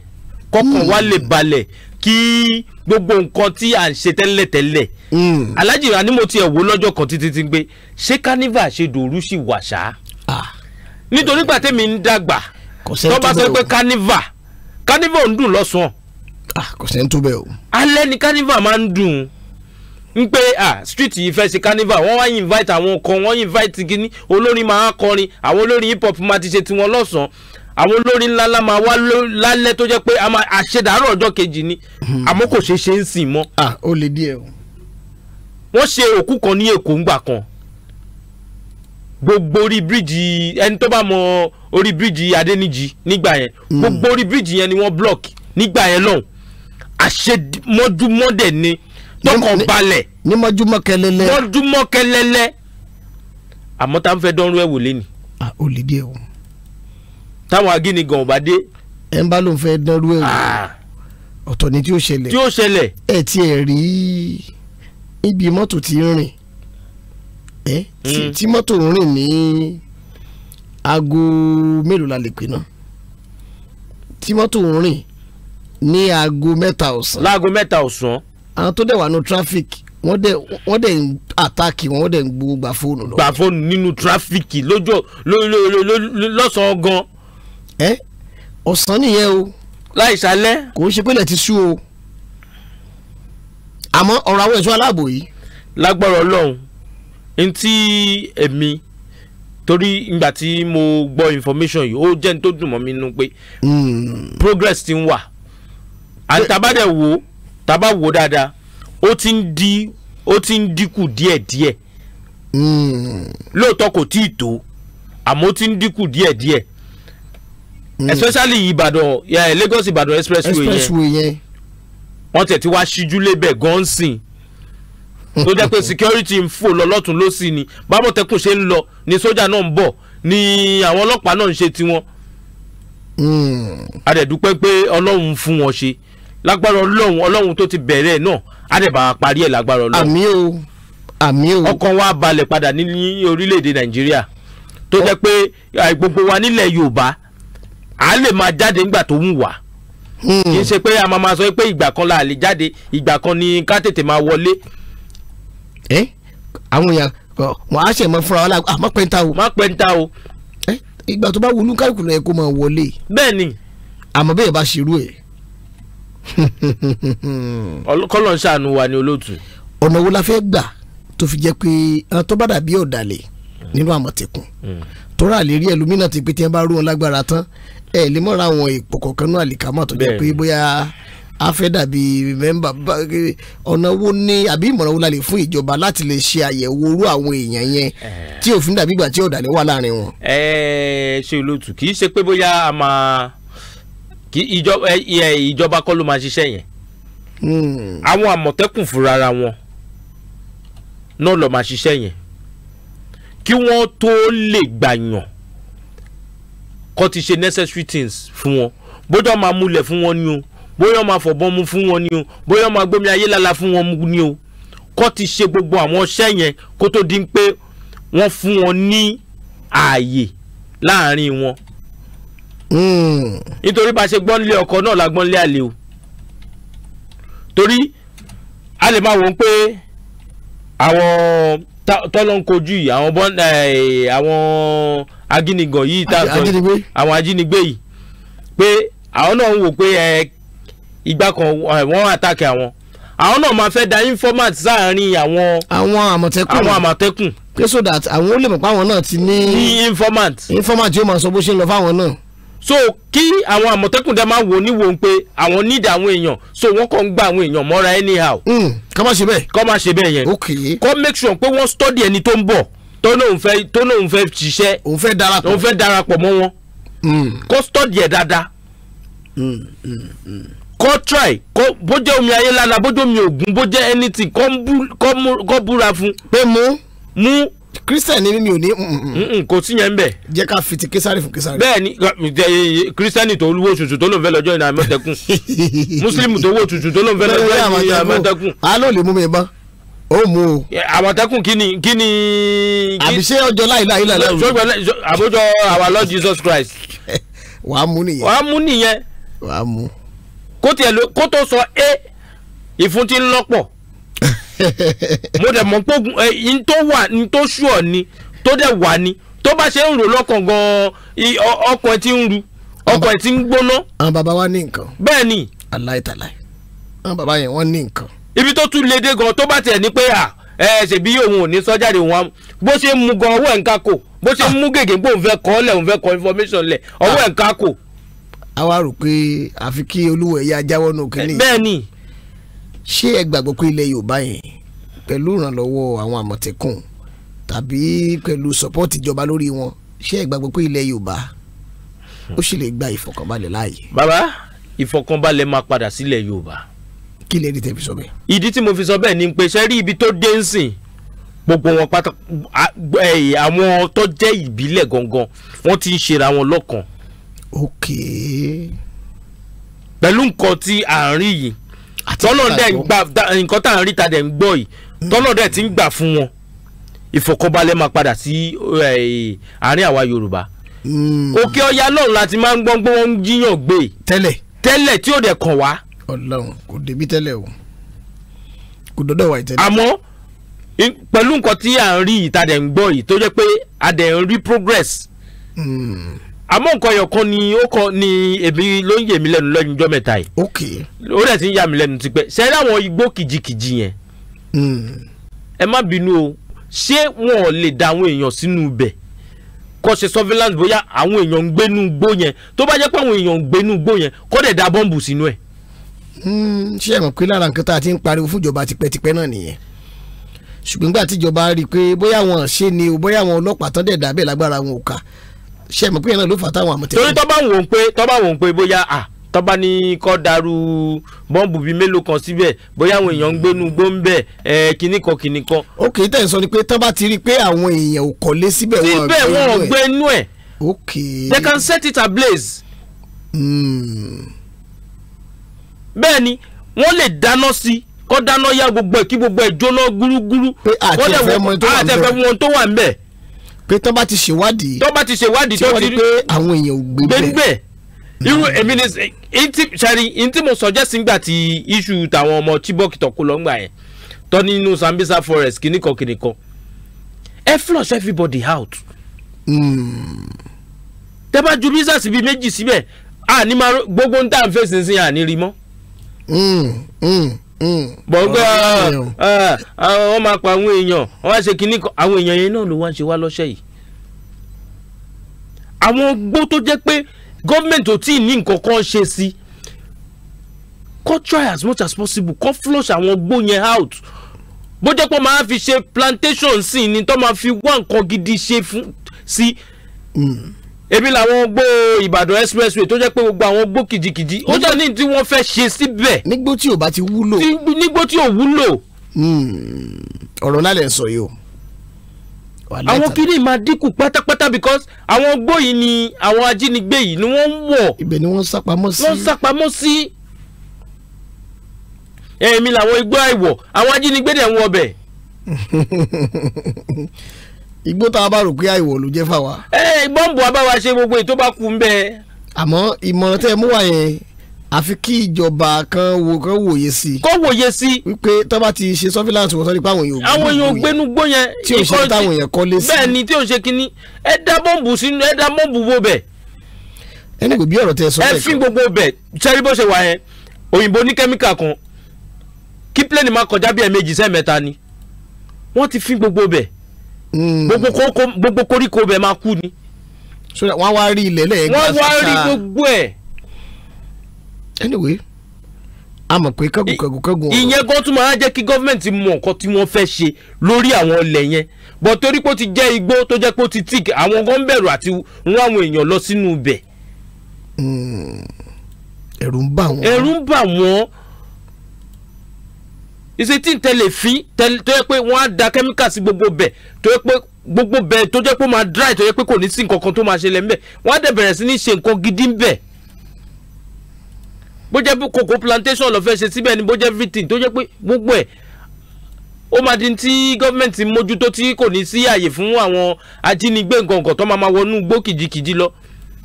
kọ́kàn wa lè balẹ̀ kí gbogbo nǹkan tí à ń ṣe tẹ́lẹ̀tẹ́lẹ̀ mm. alájì ra ni mo tiẹ̀ wò lọ́jọ́ kan títí ti gbé ṣé carnival ṣe dòru sí wàṣà ah. nítorí gbà tẹ́mi ń dàgbà tó bá sọ pé carnival carnival ń dùn lọ́sàn-án. Ah, kò sẹ́ni tó bẹ́ẹ̀ o. alẹ́ ni carnival máa ń dùn n pé ah street yìí fẹ́ ṣe carnival wọ́n wá invite àwọn kan wọ́n invite kínní olórin máa kọrin àwọn olórin hip hop máa ti ṣe tiwọn lọ́sàn-án àwọn olórin ńláńlá máa wá lálẹ́ tó jẹ́ pé àṣedàárọ̀ ọjọ́ kejì ni hmm. àmọ́ kò ṣeé ṣe ń sìn mọ́. ah ó le díẹ̀ o. wọ́n ṣe òkú kan ní èkó ńgbà kan gbogbo orí bíríìjì ẹni tó bá mọ orí bíríìjì adéníjì nígbà yẹn hmm. gbogbo orí bíríìjì yẹn ni wọ́n block nígbà yẹn lọ́hùn àṣemọ́júmọ́ dẹ̀ ni tọkàn balẹ̀ ní mọ́júmọ́ kẹlẹ́lẹ́ mọ́júmọ́ kẹlẹ́lẹ́ àmọ́ tá ń fẹ́ dánrú ẹ̀ wò lé ni. ah ó le díẹ̀ o táwọn agínigan ò bá dé. ẹ ń bá lóun fẹ́ dánrú ẹ̀ ah. ọ̀tọ̀ ni tí ó ṣẹlẹ̀ tí ó ṣẹlẹ̀ ẹ tiẹ̀ rí ibi mọ́tò ti rìn ẹ hmm. tí mọ́tò rìn ní aago mélòó la lè pè náà tí mọ́tò rìn ní aago mẹ́ta ọ̀sán. láago mẹ́ta ọ̀sán. àwọn tó dẹ̀ wà ní traffic wọ́n dẹ̀ wọ́n dẹ̀ ń àtàkì wọ́n dẹ̀ ń gbogbo gba fóònù lọ. gba fóònù nínú tráfíkì lọ́sàn-án gan ẹ ọ̀sán nìyẹn o. láì ṣalẹ́. kò ń ṣe pé ilẹ̀ ti ṣú o àmọ́ ọ̀rọ̀ àwọn ẹ̀ṣọ́ aláàbò yìí. lágbára ọlọ́run n tí èmi torí ìgbà tí mo gbọ́ information yìí ó jẹ́ ní tó dùn mọ́ mi nínú pé hmm. progress ti ń wà àti tabadẹ̀ wo taba wo dáadáa ó ti ń di ó ti ń dínkù díẹ̀díẹ̀ hmm. lóòótọ́ kò tí ì tó àmọ́ ó ti ń dínkù díẹ̀díẹ̀ Mm. especially Ibadan, yeah, Lagos Ibadan expressway expressway yẹn wọ́n tẹ̀ tí wá ṣíjú lébẹ̀ gọ́ǹsìn tó jẹ́ pé [laughs] security ń fò lọ lọ́tún lọ́sì ni bámọ̀tẹ́kùn ṣe ń lọ ni sójà náà ń bọ̀ ni àwọn ọlọ́pàá náà ń ṣe tiwọn. Mm. a dẹ̀ dúpẹ́ pé ọlọ́run fún wọn ṣe lágbára ọlọ́run ọlọ́run tó ti bẹ̀rẹ̀ náà a parí ẹ̀ lágbára ọlọ́run. àmì o àmì o. ọkàn wa balẹ̀ padà ní orílẹ̀-èdè Nàìjíríà tó jẹ́ pé gbogbo wa nílẹ̀ Yorùbá a lè máa jáde nígbà tó ń wà hmm. kì í ṣe pé a máa máa sọ pé ìgbà kan la lè jáde ìgbà kan ni ká tètè máa wọlé. ẹ eh? àwọn èèyàn wọn á ṣe mọ fúnra wọn lágbo àmọ́ ah, pẹ́ńtà o. má pẹ́ńtà o. ẹ eh? ìgbà tó bá wọnú kálukú lọ kó máa wọlé. bẹ́ẹ̀ni. àmọ́ bẹ́ẹ̀ bá ṣerú ẹ̀. kọ́lọ̀ ṣàánú wa ni olóòtú. ọ̀nà wo la fẹ́ gbà tó fi jẹ́ pé tó bá dàbí ọ̀dàlẹ̀ nínú àmọ̀tẹ́kùn hmm. Tora rà lérí ẹlòmínà ti pé tí wọn bá rú wọn lágbára tán ẹ lè mọ́ra àwọn ìpò kọ̀ọ̀kan náà àlìkámà tó jẹ́ pé bóyá a fẹ́ dàbí mẹ́mbà ọ̀nà wo ni àbí ìmọ̀ràn wo la lè fún ìjọba láti lè ṣe àyẹ̀wò orú àwọn èèyàn yẹn eh. tí òfin dàbí ìgbà tí ọ̀dàlẹ̀ wà láàrin wọn. ẹ ṣe olóòtú kì í ṣe pé bóyá a máa kí ìjọba kọ́ ló máa ṣiṣẹ́ yẹn hmm. àwọn àmọ̀tẹ́kùn fúnra wọn náà ló máa ṣiṣẹ́ yẹn kí wọ́n tó lè gbàyàn kó ti ṣe necessary things fún wọn bóyá máa múlẹ̀ fún wọn ni o bóyá máa fọ̀bọ́n mu fún wọn ni o bóyá máa gbómi ayé lálá fún wọn ni o kó ti ṣe gbogbo àwọn iṣẹ́ yẹn kó tó di pé wọ́n fún wọn ní ààyè láàrin wọn. Hmm. nítorí bá a ṣe gbọ́n lé ọkọ náà la gbọ́n lé àlè o torí a lè máa wò ó pé àwọn tọ́lọ́ ń kojú yìí àwọn agínigàn yìí tá a sọ àwọn ajínigbé yìí pé àwọn náà ń wò pé ìgbà kan wọ́n àtàkì àwọn àwọn náà máa fẹ́ da informant sáàárín àwọn àwọn àmọ̀tẹ́kùn àwọn àmọ̀tẹ́kùn pé so that àwọn ó lè mọ̀ pé àwọn náà ti ní informant informant yóò máa sọ bó ṣe ń lọ fáwọn náà so kí àwọn àmọ̀tẹ́kùn dẹ́ máa wò ní wo pé àwọn nídìí àwọn èèyàn so wọ́n kàn ń gba àwọn èèyàn mọ́ra anyhow. Hmm, kọ́ máa ṣe bẹ́ẹ̀. kọ́ máa ṣe bẹ́ẹ̀ yẹn. ok kọ́ make sure pé wọ́n study ẹni tó ń bọ̀ tó lóun fẹ́ tó lóun fẹ́ ṣiṣẹ́. òun fẹ́ darapọ̀ òun fẹ́ darapọ̀ mọ́ wọn. Hmm. kọ́ study ẹ̀ dáadáa. Hmm, kọ́ try kọ́ bójẹ́ omi ayé lára bójẹ́ omi ògùn bójẹ́ anything kọ́ búra fún. pé mú. mú christian ni mi ò ní. Mm, mm, mm. kò sí yẹn bẹ́ẹ̀. jẹ́ ká fi ti fún késàrì. bẹ́ẹ̀ni christian tó wó tutù tó ló ń fẹ́ ìnáwó àmọ̀tẹ́kùn [laughs] muslim tó wó tutù tó ló ń fẹ́ lọ́jọ́ ìnáwó àmọ̀tẹ́kùn. alo lè mú mi bá ó mú o. àmọ̀tẹ́kùn kí ni kí ni. àbíṣe ọjọ́ láìláì láìláì. àbójọ our lord jesus christ. [laughs] wàá mú nìyẹn. wàá mú nìyẹn. wàá mú. kó tó sọ e ìfun ti ń lọ́pọ̀ mo dẹ̀ mọ̀ pé n tó wà n tó ṣùọ̀ ni tó dẹ̀ wà ni tó bá ṣe ń rò lọ́kàn gan-an ọkàn ẹ̀ ti ń ru ọkàn ẹ̀ ti ń gbóná. àwọn baba wa ní nǹkan. bẹ́ẹ̀ ni. aláìtàláì àwọn baba yẹn wọ́n ní nǹkan. ibi tó tún léde gan tó bá tẹ̀ ní pé à ẹ ṣèbí òun ò ní sọ jáde òun bó ṣe ń gan ọwọ́ ẹ̀ ń ká kò bó ṣe mú gègé pé òun fẹ́ kọ́ lẹ̀ òun fẹ́ kọ́ information lẹ̀ ọwọ́ ẹ̀ ń ká kò. a wá rò pé àfi kí olúwẹ̀ẹ́ yá jáwọ́ nù kínní. bẹ́ẹ̀ ni ṣé ẹ gbàgbọ́ pé ilẹ̀ Yorùbá yẹn pẹ̀lú ìrànlọ́wọ́ àwọn àmọ̀tẹ́kùn tàbí pẹ̀lú sọ́pọ́ọ̀tì ìjọba lórí wọn ṣé ẹ gbàgbọ́ pé ilẹ̀ Yorùbá ó sì lè gba ìfọ̀kànbalẹ̀ láàyè. bàbá ìfọ̀kànbalẹ̀ máa padà sílẹ̀ Yorùbá. kí lè rí tẹ́ fi sọ bẹ́ẹ̀. ìdí tí mo fi sọ bẹ́ẹ̀ ni pé ṣe rí ibi tó dé ń sìn gbogbo wọn pátá àwọn tó jẹ́ ìbílẹ̀ ok. pẹ̀lú nǹkan tí tọ́lọ́ dẹ̀ ń gbà nǹkan tá à ń rí ta dẹ̀ ń gbọ́ yìí tọ́lọ́ dẹ̀ ti ń gbà fún wọn ìfọ̀kànbalẹ̀ máa padà sí àárín àwa Yorùbá hmm. òkè ọya lọ́run láti máa ń gbọ́n gbọ́n ń jiyàn gbé tẹ́lẹ̀ tẹ́lẹ̀ tí ò dẹ̀ kàn wá. Ọlọ́run kò débi tẹ́lẹ̀ o kò dọ́dọ̀ wá ìtẹ́lẹ̀. àmọ́ pẹ̀lú nǹkan tí à ń rí ìta dẹ̀ ń gbọ́ yìí tó jẹ́ pé a dẹ̀ ń rí progress. Hmm àmọ́ nǹkan ẹyọ kan ni ó kọ ni èmi ló ń yè mí lẹ́nu lẹ́nu ọjọ́ mẹ́ta yìí. ok ó dẹ̀ ti ń yà mí lẹ́nu tipẹ́ ṣe é láwọn igbó kìjikìji yẹn. Hmm. ẹ má bínú o ṣé wọn ò lè da àwọn èèyàn sínú ibẹ̀ kó ṣe surveillance bóyá àwọn èèyàn ń gbénú igbó yẹn tó bá jẹ́ pé àwọn èèyàn ń gbénú igbó yẹn kó dẹ̀ da bọ́ǹbù sínú ẹ̀. Hmm. ṣé ẹ mọ̀ pé lára nǹkan tá a ti ń pariwo fún ìjọba tipẹ́tipẹ́ náà nìyẹn ṣùgbọ́n nígbà tíjọba rí i pé bóyá wọn ṣe ni o bóyá wọn ọlọ́pàá tán dẹ̀ dábẹ́ lágbára wọn ò kà ṣe mọ̀ pé yẹn náà ló fà táwọn àmọ̀tẹ́kùn. torí tọ́ba wò ń pé tọ́ba wò ń pé bóyá à tọ́ba ní kọ́ darú bọ́ǹbù bíi mélòó kan síbẹ̀ bóyá àwọn èèyàn ń gbénu gbó ń bẹ̀ ẹ̀ kinní kan kinní kan. ok tẹ̀ sọ ni pé tọ́ba ti rí i pé àwọn èèyàn ò kọ́lé síbẹ̀ wọn ò gbénu ẹ̀. síbẹ̀ wọn ò gbénu ẹ̀. ok they can set it ablaze. Mm. bẹ́ẹ̀ ni wọ́n lè dáná sí i kọ́ dáná yá gbogbo ẹ̀ kí gbogbo ẹ̀ jóná gúrúgúrú. pé àtẹ̀fẹ́ mọ tó wà ń bẹ̀ pé tó bá ti ṣèwádìí tó bá ti ṣèwádìí tó ti pé àwọn èèyàn ò gbé bẹ́ẹ̀ irú èmi ni sari n tí mo suggest ngbà tí issue tàwọn ọmọ Chibok tọkọ lọ ngbà yẹn tọ́ nínú Sambisa forest kìnnìkan kìnnìkan ẹ flush everybody out. Mm. tẹ́ bá ju visas bíi méjì síbẹ̀ àní máa gbogbo ń tà ń fèsì sí àní rí mọ́. Hmm, hmm bọ̀ pé wọ́n máa pa àwọn èèyàn wọ́n á ṣe kínní kan àwọn èèyàn yẹn náà ló wá ń ṣe wá lọ́ṣẹ̀ yìí. àwọn gbó tó jẹ́ pé gọ́ọ̀mẹ̀ntì ò tí ì ní nǹkan kan ṣe sí kó try as much as possible kó flush àwọn gbó yẹn out bó jẹ́ pé máa fi ṣe plantation sí ni tó máa fi wá nǹkan gidi ṣe fún sí. Si. Mm ebi làwọn gbó ìbàdàn expressway tó jẹ́ pé gbogbo àwọn gbó kìjikìji ó jẹ́ ní tí wọ́n fẹ́ ṣe síbẹ̀. nígbó tí ò bá ti wúlò. nígbó tí ò wúlò. Hmm. ọ̀rọ̀ lálẹ́ sọ yìí o. àwọn kìíní máa dínkù pátápátá because àwọn gbó yìí ni àwọn ajínigbé yìí ni wọ́n ń wọ̀. ibẹ̀ ni wọ́n ń sápamọ́ sí. wọ́n ń sápamọ́ sí. èmi làwọn igbó àìwọ̀ àwọn ajínigbé dẹ̀ ń wọ bẹ̀. [laughs] igbó tá a bá rò pé àìwọ̀ ló jẹ́ fáwa. ẹ ìgbọ́nbọ̀ abáwa ṣe gbogbo ètò bá kú ń bẹ. àmọ́ ìmọ̀ràn tẹ́ ẹ mú wá yẹn àfi kí ìjọba kan wo kan wòye sí i. kó wòye sí i. wípé tó bá ti ṣe surveillance wọ́n sọ nípa àwọn èèyàn ògbénu àwọn èèyàn ògbénu gbó yẹn. tí o ṣe táwọn èèyàn kọ́ lé sí. bẹ́ẹ̀ ni tí o ṣe kínní ẹ dá bọ́ǹbù sínú ẹ dá bọ́ǹbù wo bẹ̀. ẹni kò bí ọ̀rọ̀ tẹ sọ bẹ́ẹ̀ kan. ẹ fi gbogbo bẹ̀ sẹ́rí bó ṣe wà yẹn òyìnbó ní kẹ́míkà kan kí plẹ́ẹ̀nì má kọjá bí ẹ̀ẹ̀mejì sẹ́ẹ̀mẹ́ta ni wọ́n ti fi gbogbo bẹ̀ Mm. gbogbo koríko bẹ̀ máa kú ni. wọ́n wá rí ilẹ̀ lẹ́yìn gbàsíkà wọ́n wá rí gbogbo ẹ̀. anyway a mọ̀ pé kẹ́gùnkẹ́gùnkẹ́gùn. ìyẹn gan tún máa jẹ́ kí gọ́fìmẹ̀ntì mọ nǹkan tí wọ́n fẹ́ ṣe lórí àwọn ilẹ̀ yẹn bọ̀ torí pé ó ti jẹ́ igbó tó jẹ́ pé ó ti tíìkì àwọn gan bẹ̀rù àti rán àwọn èèyàn lọ sínú ibẹ̀. Mm. ẹ̀rù ń bà wọ́n. ẹ̀rù ń bà wọ́n ìsètí tẹ lè fín tó yẹ pé wọ́n á da kẹ́míkà sí gbogbo bẹ̀ tó yẹ pé gbogbo bẹ̀ tó jẹ́ pé ó máa dry tó yẹ pé kò ní sí nǹkan kan tó máa ṣẹlẹ̀ ńbẹ̀ wọ́n á dẹ̀ bẹ̀rẹ̀ sí ní ṣe nǹkan gidi ńbẹ̀ bó jẹ́ pé cocoa plantation ló ṣe síbẹ̀ ni bó jẹ́ everything tó jẹ́ pé gbogbo ẹ̀ ó máa di tí gọ́ọ̀mẹ̀ntì mójútó tí kò ní sí àyè fún àwọn ajínigbé nǹkan kan tó máa wọnú gbó kìjikìji lọ.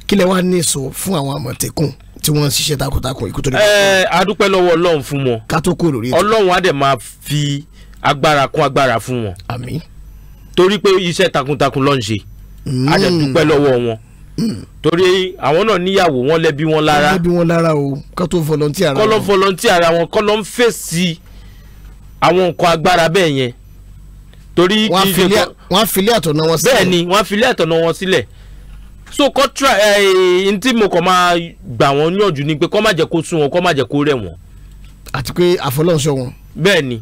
kílẹ̀ wàá ní sọ fún àwọn àmọ̀tẹ́kùn tí wọ́n ń ṣiṣẹ́ takuntakun ikú tó ní. ẹ adúpẹ́ lọ́wọ́ ọlọ́run fún wọn. ká tó kúrò rí ètò. ọlọ́run á dẹ̀ máa fi agbára kún agbára fún wọn. àmín. torí pé iṣẹ́ takuntakun ló ń ṣe. Hmm. a dẹ̀ dúpẹ́ lọ́wọ́ wọn. Hmm. torí àwọn náà níyàwó wọn lẹ́bí wọn lára. wọ́n lẹ́bí wọn lára o ká tó volunteer ara wọn. kọ́ ló ara wọn kọ́ ń fèsì àwọn nǹkan agbára bẹ́ẹ̀ yẹn. torí kì í ṣe kọ́ wọ́n á àtọ̀nà wọn sílẹ̀. bẹ́ẹ̀ ni wọ́n àtọ̀nà wọn sílẹ̀ so cultural ẹ eh, ntí mo kàn máa gbà wọ́n níyànjú ni pé kọ́ má jẹ́ kó sún wọn kọ́ má jẹ́ kó rẹ̀ wọ́n. àti pé àfọlọ́sọ wọn. bẹ́ẹ̀ ni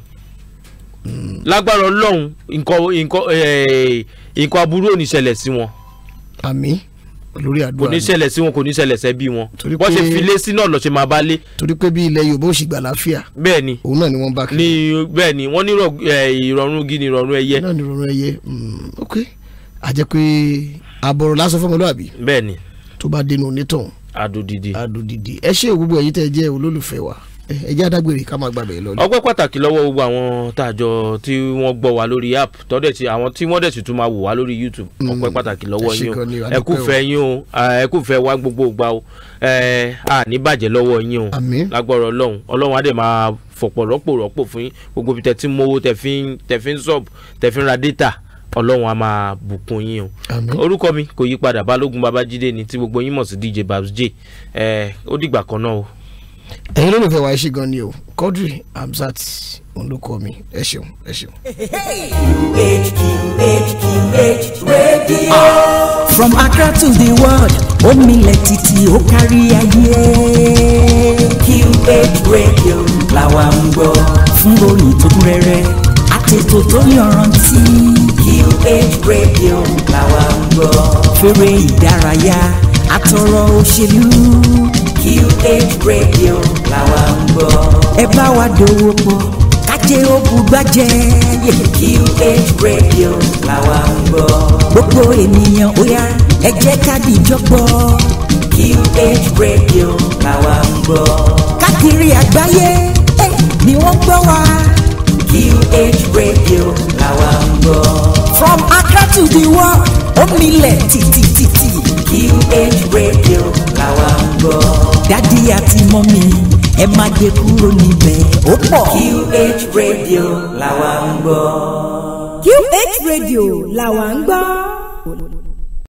lágbára ọlọ́run eh, nǹkan aburú ò ní ṣẹlẹ̀ sí wọn. àmín lórí àdúrà kò ní ṣẹlẹ̀ sí wọn kò ní ṣẹlẹ̀ sẹ́bí wọn wọ́n ṣe filé sí náà lọ́ọ́ ṣe máa bá lé. torí pé bí ilẹ̀ yorùbá ò sì gbà láfíà. bẹ́ẹ̀ni òun náà ni wọ́n bá kí. ni bẹ́ẹ̀ni wọ́n ní eh, ìrọ̀rùn igi ni ìrọ̀rùn ẹyẹ. náà ni ìrọ̀rùn ẹyẹ mm, ok àjẹpẹ́ àbọ̀rọ̀ lásán fọmọlúwàbí. bẹ́ẹ̀ni. tó bá dénú onítàn. adudidi. adudidi ẹ ṣé gbogbo ẹ̀yin tẹ́ jẹ́ olólùfẹ́ wa ẹ jẹ́ adágbèrè ká máa gbàgbé lọ. ọgbẹ́ pàtàkì lọ́wọ́ gbogbo àwọn tàjọ tí wọ́n gbọ́ wa lórí app tọ́dẹ̀ tí àwọn tí wọ́n dẹ̀ sì tún máa wò wá lórí youtube mm. ọgbẹ́ pàtàkì lọ́wọ́ yín o ẹ kú fẹ́ yín o ẹ kú fẹ́ wá gbogbo gbà o ẹ à ní bàjẹ́ lọ́wọ́ yín o lágbára ọlọ́run ọlọ́run á dẹ̀ máa fọ̀pọ̀ rọ́pò rọ́pò fún yín gbogbo tẹ̀ tí mowó tẹ̀ fi ń sub tẹ̀ fi ń ra data ọlọ́run a máa bùkún yín o orúkọ mi kò yí padà balógun babájídé ni tí gbogbo yín mọ̀ sí dj babs j ẹ ó dìgbà kan náà o. ẹ̀yin olólùfẹ́ wa ẹ gan ni o Quadri Hamzat olùkọ́ mi ẹ ṣeun ẹ ṣeun. from Accra to the world ó milẹ̀ títí ó kárí ayé. QH radio làwa ń gbọ́. fún oyin tó kún rẹ́rẹ́ ètò tó yọrantí. QH Radio làwa ń gbọ́. fèrè ìdárayá àtọ̀rọ̀ òṣèlú. QH Radio làwa ń gbọ́. ẹ bá wa dòwò pọ̀ kájé ogun gbàjẹ́. QH Radio làwa ń gbọ́. gbogbo ènìyàn ó yá ẹ jẹ́ ká dìjọ gbọ́. QH Radio làwa ń gbọ́. káàkiri àgbáyé eh, ni wọ́n gbọ́ wa. QH radio làwa ń from Accra to the world ó milẹ̀ tìtìtìtì. QH radio làwa ń gbọ́. dádì àti mọ́mí ẹ má gbé kúrò níbẹ̀ ó pọ̀. QH radio làwa ń gbọ́. QH radio làwa ń gbọ́.